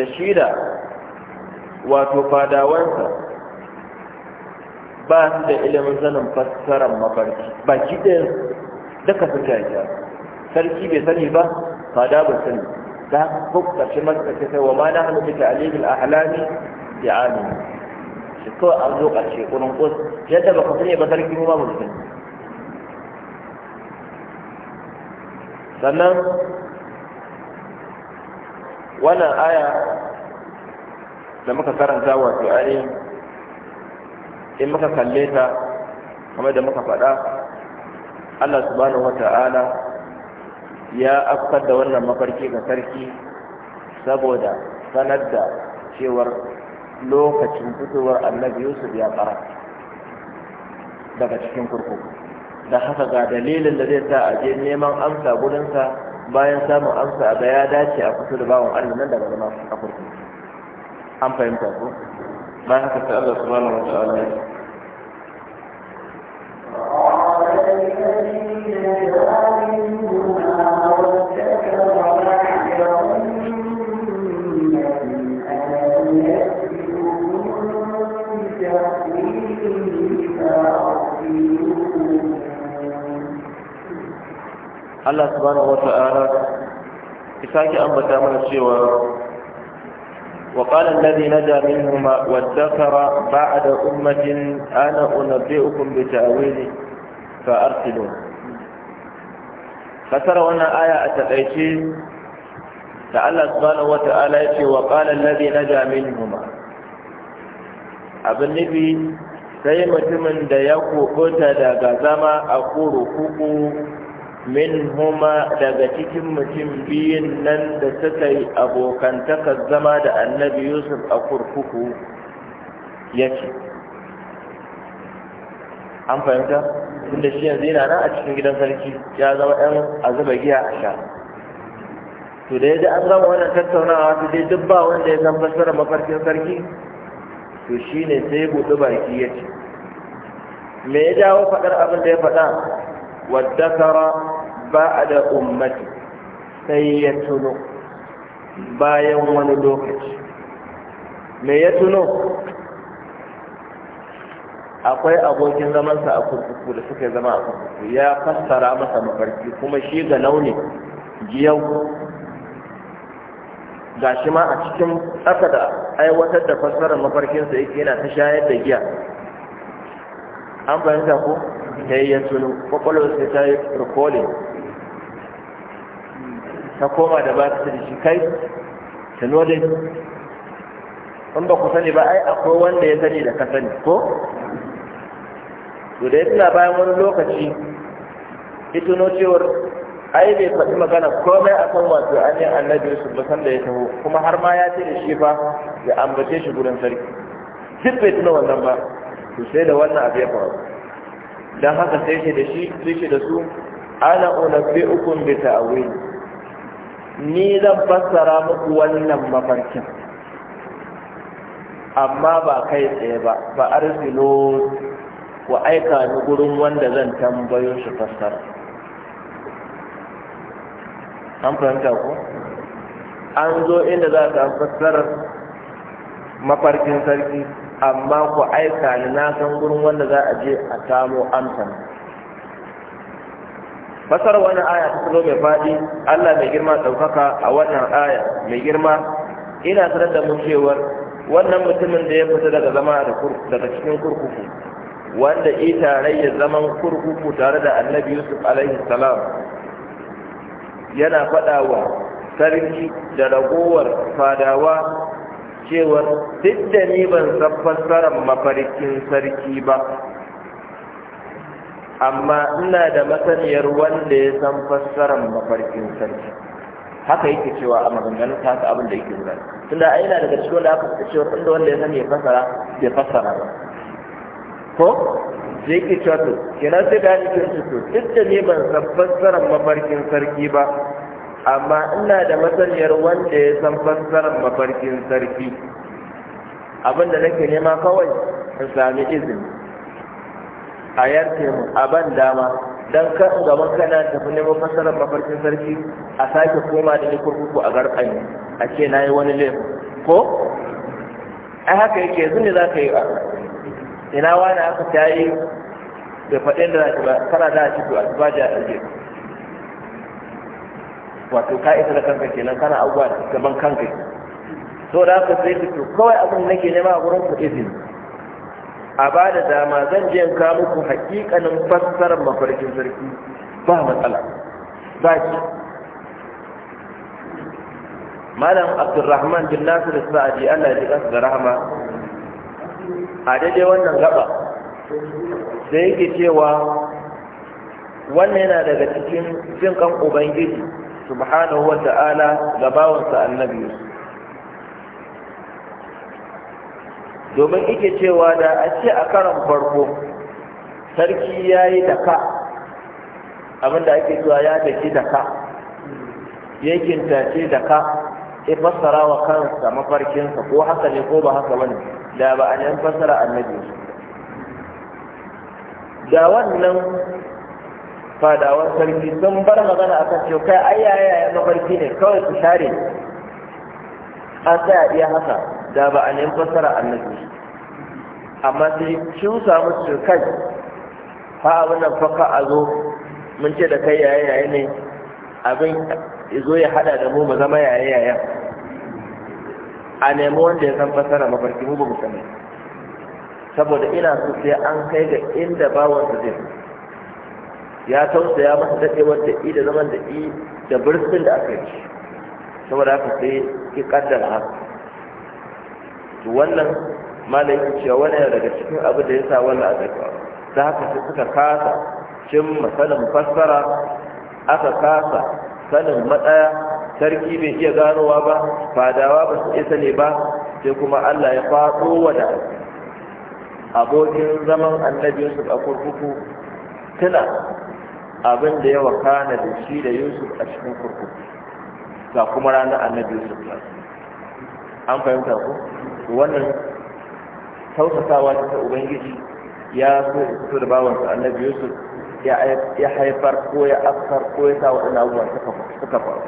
[SPEAKER 1] da shida wato fadawansa ba su da ilimin sanin fassarar mafarki baki ɗaya duka suka yi sarki bai sani ba fada ba sani da ko ƙarshe masu sai wa ma na hannu bita alilil ahlami da amin shi kawai an zo ƙarshe ƙurin ƙus yadda ba ka sani ba sarki mu ma mu sani sannan wannan aya da muka karanta wato ainihin in muka kalle ta kamar da muka faɗa Allah subhanahu wata'ala ya afkar da wannan mafarki ga sarki saboda sanar da cewar lokacin fitowar annabi yusuf ya fara daga cikin kurkuku da haka ga dalilin da zai sa a je neman amsa gurinsa bayan samun amsa ga ya dace a fito da bawan allah nan daga zama a kurkuku an fahimta ko bayan haka sai Allah subhanahu wa ta'ala ya Allah subhanahu wa ta'ala ki sake ambata mana cewa وقال الذي نجا منهما وادخر بعد أمة أنا أنبئكم بتأويله فأرسلون فسر وانا آية أتقيتي تعالى سبحانه وتعالى وقال الذي نجا منهما abin nufi sai mutumin da ya kubuta daga zama a kuru kuku min huma daga cikin mutum biyun nan da suka yi abokantakar zama da annabi yusuf a kurkuku ya ce an fahimta da shi yanzu yana nan a cikin gidan sarki ya zama 'yan a zuba giya a sha to da yadda an zama wannan tattaunawa su dai duk ba wanda ya san fassara mafarkin sarki to shi ne sai buɗi baki ya ce me ya jawo faɗar abin da ya faɗa wadakara ba'da ummati sai ya tuno bayan wani lokaci me ya tuno akwai abokin zamansa a kurkuku da suka zama a kurkuku ya fassara masa mafarki kuma shi ga launi jiyau ga shi ma a cikin tsaka da aiwatar da fassarar mafarkinsa yake yana ta shayar da giya an fahimta ko sai ya tuno kwakwalwarsa ta yi rikolin ta koma da ba ta da shi kai ta nole in ba ku sani ba ai akwai wanda ya sani da ka sani ko to da ya bayan wani lokaci ya tuno cewar ai bai faɗi magana komai a kan wato an yi annabi su ba san da ya taho kuma har ma ya ce da shi fa ya ambace shi gurin sarki duk bai tuna wannan ba to sai da wannan abu ya faru dan haka sai shi da shi sai shi da su ana unabbi'ukum bi ta'wil ni zan fassara muku wannan mafarkin amma ba kai tsaye ba ba arsilo wa aika ni gurin wanda zan tambayo shi fassara an fahimta ko an zo inda za ta fassarar mafarkin sarki amma ku aika ni na san gurin wanda za a je a samo amsan fasar wannan aya ta zo mai faɗi Allah mai girma ɗaukaka a wannan aya mai girma ina sanar da mu cewar wannan mutumin da ya fita daga zama daga cikin kurkuku wanda i tarayya zaman kurkuku tare da annabi yusuf alaihi salam yana faɗa wa sarki da ragowar fadawa cewar duk da ni ban san fassarar mafarkin sarki ba amma ina da masaniyar wanda ya san fassarar mafarkin sarki haka yake cewa a maganganun ta haka abin da yake nuna tunda ai yana daga cikin wanda aka faɗa cewa inda wanda ya san ya fassara ya fassara ba ko sai yake cewa to kenan sai da yake cewa to duk da ni ban san fassarar mafarkin sarki ba amma ina da masaniyar wanda ya san fassarar mafarkin sarki abinda nake nema kawai in sami izini a yarke mu a ban dama don ka gaban kana tafi nema fassarar mafarkin sarki a sake koma da ni kurkuku a garkani a ce na yi wani laifin ko a haka yake yanzu ne za ka yi ina wani aka ta yi da faɗin da za ta ba kana da a ciki a ba da a wato ka isa da kanka kenan kana abubuwa gaban kanka So da ka sai to kawai abin da nake nema a gurin ku izini a ba da dama zan je in kawo muku hakikanin fassarar mafarkin sarki ba matsala ba ki malam abdulrahman bin nasir sa'adi allah ya ji da rahama
[SPEAKER 3] a daidai wannan gaba sai
[SPEAKER 1] yake cewa wannan yana daga cikin jin kan ubangiji subhanahu wa ta'ala ga bawansa annabi domin ike cewa da a ce a karan farko sarki ya yi daka abinda ake cewa ya daki daka ya kintace daka ya fassara wa kansa mafarkinsa ko haka ne ko ba haka bane da ba a yan fassara annabi da wannan fadawan sarki sun bar magana a kan cewa kai ai
[SPEAKER 2] yaya mafarki ne
[SPEAKER 1] kawai ku share an tsaya iya haka da ba a nemi fassara annabi amma sai sun samu su kai fa abin nan faka a zo mun ce da kai yaya yaya ne abin zo ya hada da mu mu zama yaya yaya a nemi wanda ya san fassara mafarki mu ba mu sani saboda ina so sai an kai ga inda bawansa zai ya tausaya masa daɗewar da i da zaman da i da birnin da aka yi saboda haka sai ki kaddara haka to wannan malayin cewa wannan daga cikin abin da ya sa wannan a zai ta haka sai suka kasa cimma sanin fassara aka kasa sanin matsaya sarki bai iya ganowa ba fadawa ba su iya sani ba sai kuma allah ya faɗo wa da abokin zaman Yusuf a kurkuku tuna abin da ya wakana da shi da yusuf a cikin kurkuku ga kuma ranar annabi yusuf ya an fahimta ku? wannan tausasawa ta ubangiji ya so fito da bawansa annabi yusuf ya haifar ko ya afkar ko ya sa waɗanda abubuwa suka faru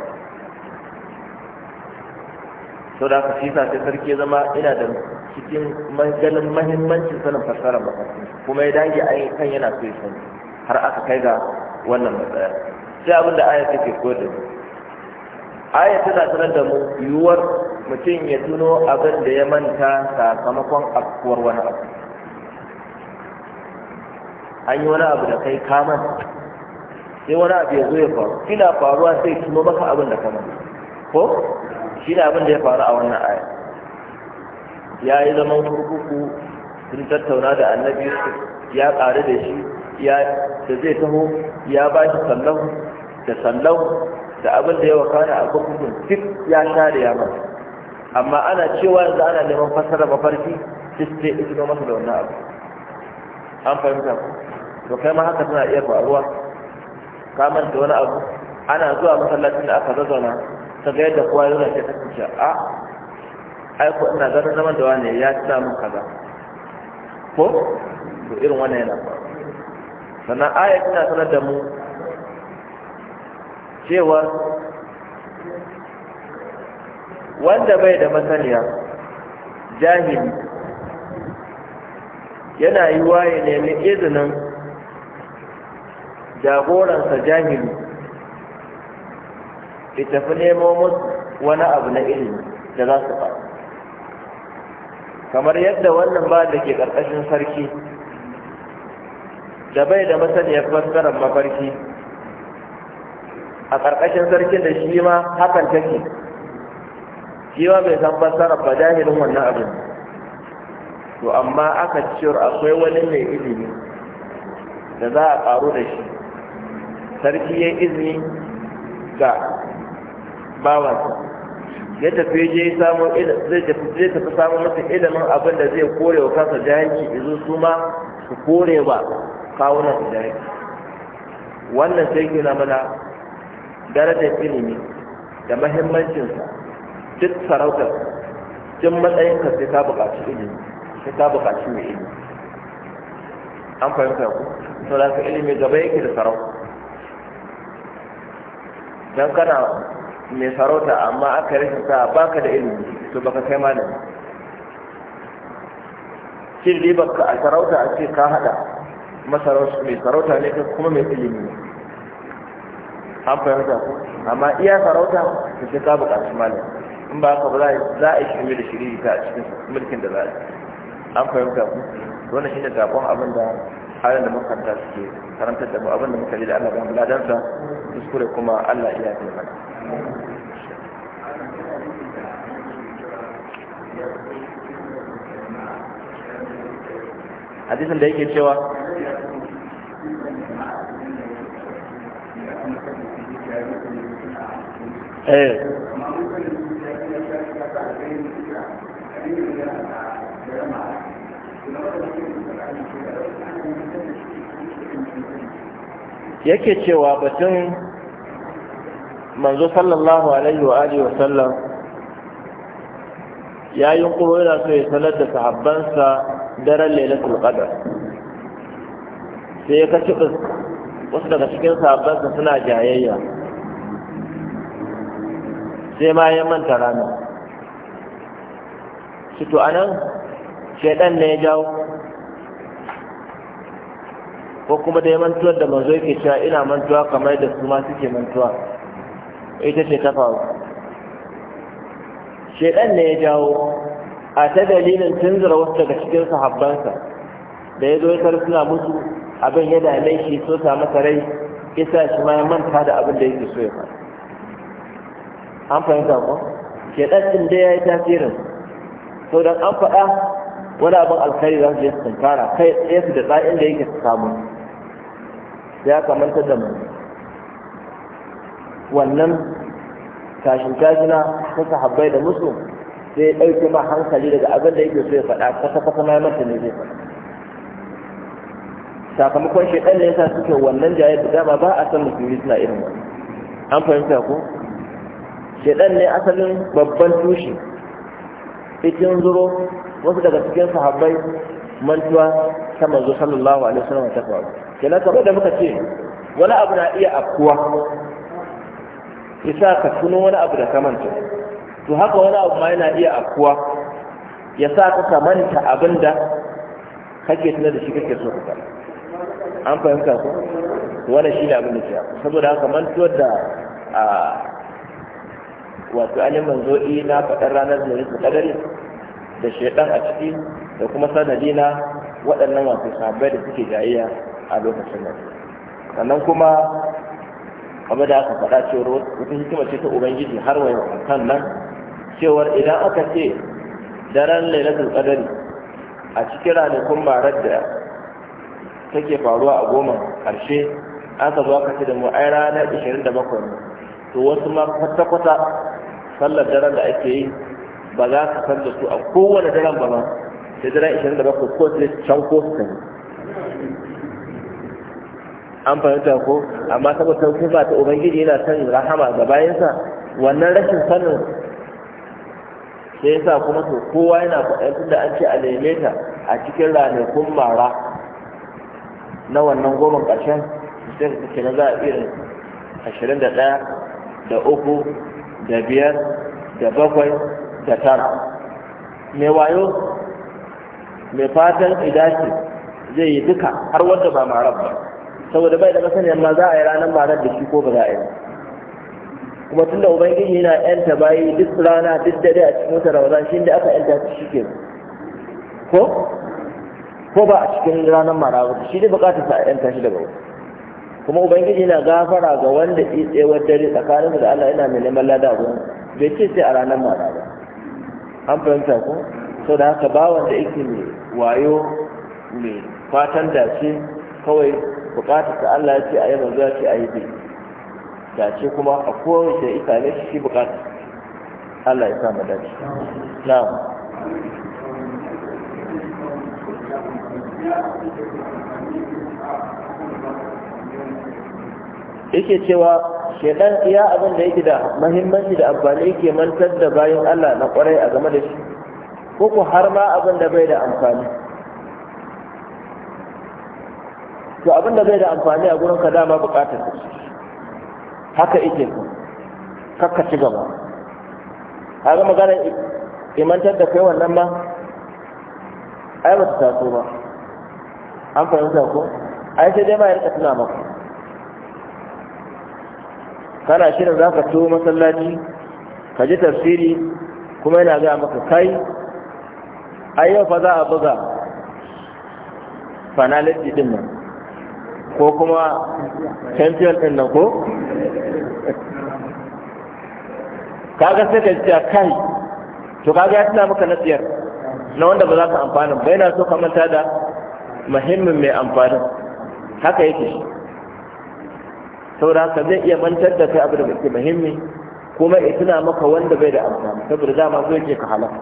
[SPEAKER 1] sau da aka fisa sai sarki zama ina da cikin ganin mahimmancin sanin fasarar mafarkin kuma ya dage a kan yana so ya sani har aka kai ga wannan matsaya sai abin da aya take koyar da mu aya tana sanar da mu yiwuwar mutum ya tuno abin da ya manta sakamakon afkuwar wani abu an yi wani abu da kai kaman sai wani abu ya zo ya faru kila faruwa sai tuno maka abin da kaman ko shi ne abin da ya faru a wannan aya ya yi zaman kurkuku sun tattauna da annabi ya ƙare da shi ya da zai taho ya ba shi sallon da sallon da abin da ya kana a kwakwakun duk ya share ya masa amma ana cewa yanzu ana neman fassara mafarki duk sai ido masa da wannan abu an fahimta ku to kai ma haka tana iya faruwa ka manta wani abu ana zuwa masallacin da aka zazzauna ta ga yadda kowa yana ce kasance a ai ko ina ganin zaman da wani ya ci samun kaza ko irin wannan yana faruwa sannan aya tana sanar da mu cewa wanda bai da masaniya jahili yana yi waye nemi izinin jagoransa jahili ya tafi nemo musu wani abu na ilimi da za su ba kamar yadda wannan ba da ke ƙarƙashin sarki da bai da masaniyar bangaren mafarki a ƙarƙashin sarkin da shi ma hakan take shi ma bai san fassara ba jahilin wannan abin to amma aka ciyar akwai wani mai ilimi da za a ƙaru da shi sarki ya izini ga bawansa ya tafi je samun zai tafi samun masa ilimin abin da zai kore wa kansa jahilci izu su ma su kore ba kawunan da wannan sai ke na mana darajar ilimi da mahimmancinsa duk sarautar Cin matsayin ka sai ka buƙaci ilimi sai ka buƙaci mai ilimi an fahimta ku to da ka ilimi gaba yake da sarau don kana mai sarauta amma aka rashin sa baka da ilimi to baka kai malami Shin ribar ka a sarauta a ce ka hada mai sarauta ne kuma mai ilimi an fahimta ku amma iya sarauta da shi ta buƙaci malam in ba ka ba za a yi shirme da shiri ta a cikin mulkin da za a yi an fahimta ku shi ne gabon abin da halin da makaranta suke karantar da mu abin da muka yi da Allah ba mu ladansa kuskure kuma Allah iya yi mana hadisin da yake cewa Eh. yake cewa batun manzo sallallahu alaihi wa alihi wasallam ya yi kuma yana so ya sanar da sahabbansa daren lailatul qadar sai ya kaci wasu daga cikin sahabbansa suna jayayya sai ma ya manta rana. shi to anan shaidan ne ya jawo ko kuma dai mantuwar da manzo yake cewa ina mantuwa kamar da su ma suke mantuwa ita ce ta faru shedan ne ya jawo a ta dalilin tunzura wasu daga cikin sahabbansa da ya zo ya tar suna musu abin ya dame shi so sa masa rai isa shi ma ya manta da abin da yake so ya faru an fahimta ko shedan din da yayi tasirin to dan an faɗa wani abin alkhairi za su je su kai tsaye su da tsayin da yake samu ya kamanta da mu wannan tashin tashina ta sahabbai da musu sai ya ɗauke ma hankali daga abin da yake so ya faɗa kasa kasa ma mata ne zai faɗa sakamakon shaidan ne yasa suke wannan jaye da dama ba a san musulmi suna irin wannan an fahimta ko shaidan ne asalin babban tushe cikin zuro wasu daga cikin sahabbai mantuwa ta manzo sallallahu alaihi wasallam ta faru kenan kamar da muka ce wani abu na iya afkuwa isa ka tuno wani abu da ka manta to haka wani abu ma yana iya afkuwa ya sa ka kamanta manta abin da kake tuna da shi kake so ka an fahimta ko wannan ne abin da ke saboda haka mantuwar da wato ainihin manzo na faɗar ranar da rikin kadari da shaidan a ciki da kuma sanadina waɗannan wato sabai da suke jayayya a lokacin nan sannan kuma kamar da aka faɗa cewar wata hikima ce ta ubangiji har wa yau kan nan cewar idan aka ce daren lailatul qadari a cikin ranakun marar da take faruwa a goma ƙarshe aka zo aka ce da mu ai ranar 27 to wasu ma kwata-kwata sallar daren da ake yi ba za ka san da su a kowane daren ba ma sai daren bakwai ko sai can ko su tafi an fahimta ko amma saboda sauki ba ta ubangiji yana son rahama ga bayansa wannan rashin sanin sai yasa kuma to kowa yana faɗin da an ce a neme ta a cikin ranakun mara na wannan goma ƙarshen sai ka kace na za a irin ashirin da ɗaya da uku da biyar da bakwai da tara mai wayo mai fatan idashi zai yi duka har wanda ba marar ba saboda bai da masaniyar ma za a yi ranar marar da shi ko ba za a yi kuma da ubangiji yana yanta bayi duk rana duk dare a cikin wata ramadan shi da aka yanta shi ke ko ko ba a cikin ranar marar shi dai bukatar sa a yanta shi daga wata kuma ubangiji na gafara ga wanda ya tsewar dare tsakaninsa da Allah yana mai neman lada gurin bai ce sai a ranar mara ba an fahimta ko sau da haka ba wanda yake mai wayo mai fatan dace kawai bukatar ta Allah ya ce a yi manzo ya ce a yi bai dace kuma a da ita ne shi bukatar Allah ya samu mu dace na'am yake cewa shedan iya abin da yake da mahimmanci da amfani yake mantar da bayan Allah na kwarai a game da shi ko ku har ma abin da bai da amfani to abin da bai da amfani a gurin ka dama bukatar shi haka yake ku kakka ci gaba ga magana imantar da kai wannan ma ai ba ta taso ba an fahimta ko ai sai dai ma ya rika tuna maka kana shirin za ka to masallaci ka ji tafsiri kuma yana gaya maka kai a yau fa za a buga fanaliti din nan ko kuma champion din nan ko kaga sai ka ji kai to kaga ya tuna maka nasiyar na wanda ba za ka amfana ba yana so ka manta da muhimmin mai amfanin haka yake shi saboda haka zai iya mantar da kai abu da ke muhimmi kuma ya tuna maka wanda bai da amfani saboda dama so yake ka halaka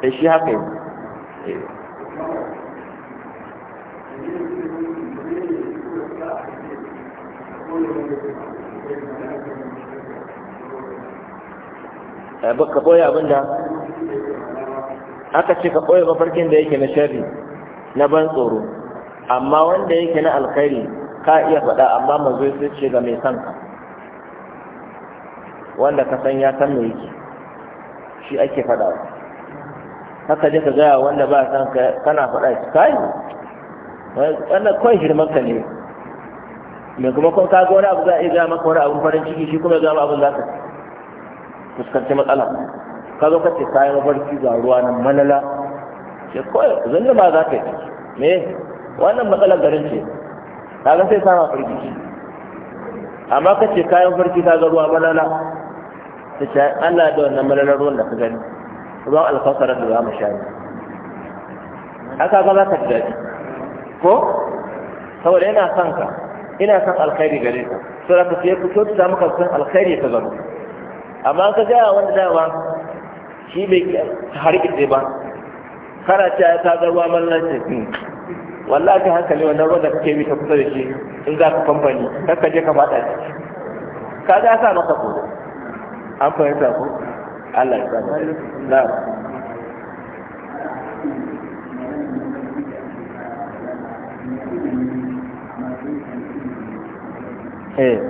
[SPEAKER 1] da shi haka yi
[SPEAKER 3] eh, ka ɓoye abin da
[SPEAKER 1] aka ce ka ɓoye mafarkin da yake na shari na ban tsoro amma wanda yake na alkhairi ka iya faɗa amma manzo ya ce ga mai son ka wanda ka san ya san me yake shi ake faɗa haka je ka gaya wanda ba san ka kana faɗa shi kai wannan kawai hirman ka ne mai kuma kun ka wani abu za a iya gaya maka wani abun farin ciki shi kuma gama abu za ka fuskanci matsala ka zo kace kayan mafarki ga ruwa nan manala Ko kawai zanna ma za ka yi me wannan matsalar garin ce kaga sai sama farki, amma ka ce kayan farki ta ga ruwa malala ta ce Allah da wannan malalar ruwan da ka gani ruwan alkawsara da za mu sha ne haka ga za ka ji daɗi ko saboda yana son ka ina son alkhairi gare ka za ka ce ku ta muka san alkhairi ka zama amma ka ga wanda dama shi bai harƙi ba kana ta ta ga ruwa malalar ce hmm. wallahi hankali wannan ruwan da kake mita kusa da shi in za ka kamfani kar ka je ka faɗa shi ka ga sa maka ko an fahimta ko Allah ya sa na
[SPEAKER 3] Eh.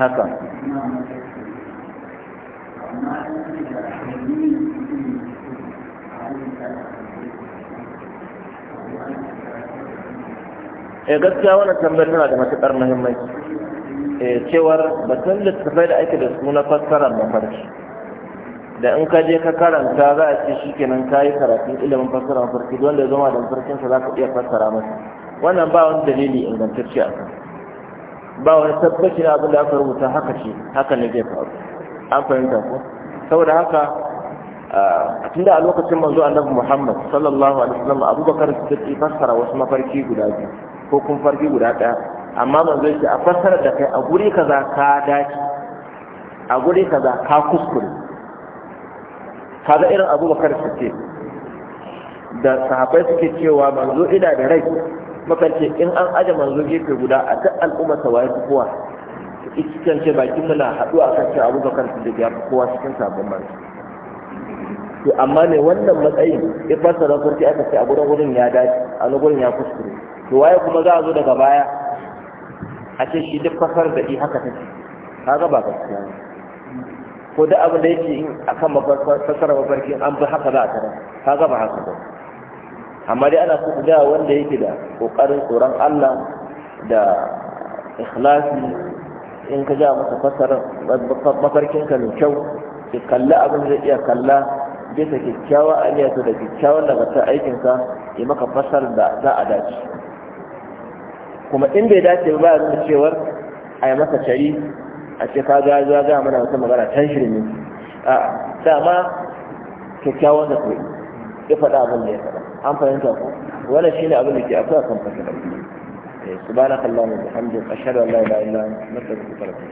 [SPEAKER 3] Haka.
[SPEAKER 1] eh gaskiya wannan tambayar tana da matukar muhimmanci eh cewar batun littattafai da ake da su na fassarar mafarki da in ka je ka karanta za a ce shikenan ka yi karatun ilimin fassarar mafarki da zama da mafarkinsa za ka iya fassara masa wannan ba wani dalili ingantacce a kan ba wani tabbaci na abin da aka rubuta haka ce haka ne zai faru an fahimta ko saboda haka ah, tun da a lokacin manzo annabi Muhammad sallallahu alaihi wasallam Abubakar ya fassara wasu mafarki guda biyu ko kun farki guda ɗaya amma manzo ce a fassara da kai a guri kaza ka dace a guri kaza ka kuskure kaga irin abubakar ce. da sahabbai suke cewa manzo ina da rai makance in an aje manzo gefe guda a duk al'umma ta waye kowa cikin ce bakin muna haɗu a kan cewa abubakar su da ya fi kowa cikin sabon manzo to amma ne wannan matsayin ya fassara sarki aka ce a gurin gurin ya dace a na gurin ya kuskure to waye kuma za a zo daga baya a ce shi duk fasar da i haka take kaga ba gaskiya ne ko da abin da yake in kan fassara mafarkin an bi haka za a tara kaga ba haka ba amma dai ana so da wanda yake da kokarin tsoron Allah da ikhlasi in ka ja masa fasarar mafarkinka mai kyau ki kalli abin zai iya kalla bisa kyakkyawa aliyarsa da kyakkyawan nagartar aikinsa ya maka fasar da za a dace kuma in bai dace ba ya cewar a yi masa cari a ce ka ga zuwa ga mana wata magana can shirme a dama kyakkyawan da kai ya faɗa abin da ya faɗa an fahimta ko wannan shine abin da ke akwai a kan fasar eh, subhanakallahumma wa bihamdika ashhadu an la ilaha illa anta astaghfiruka wa atubu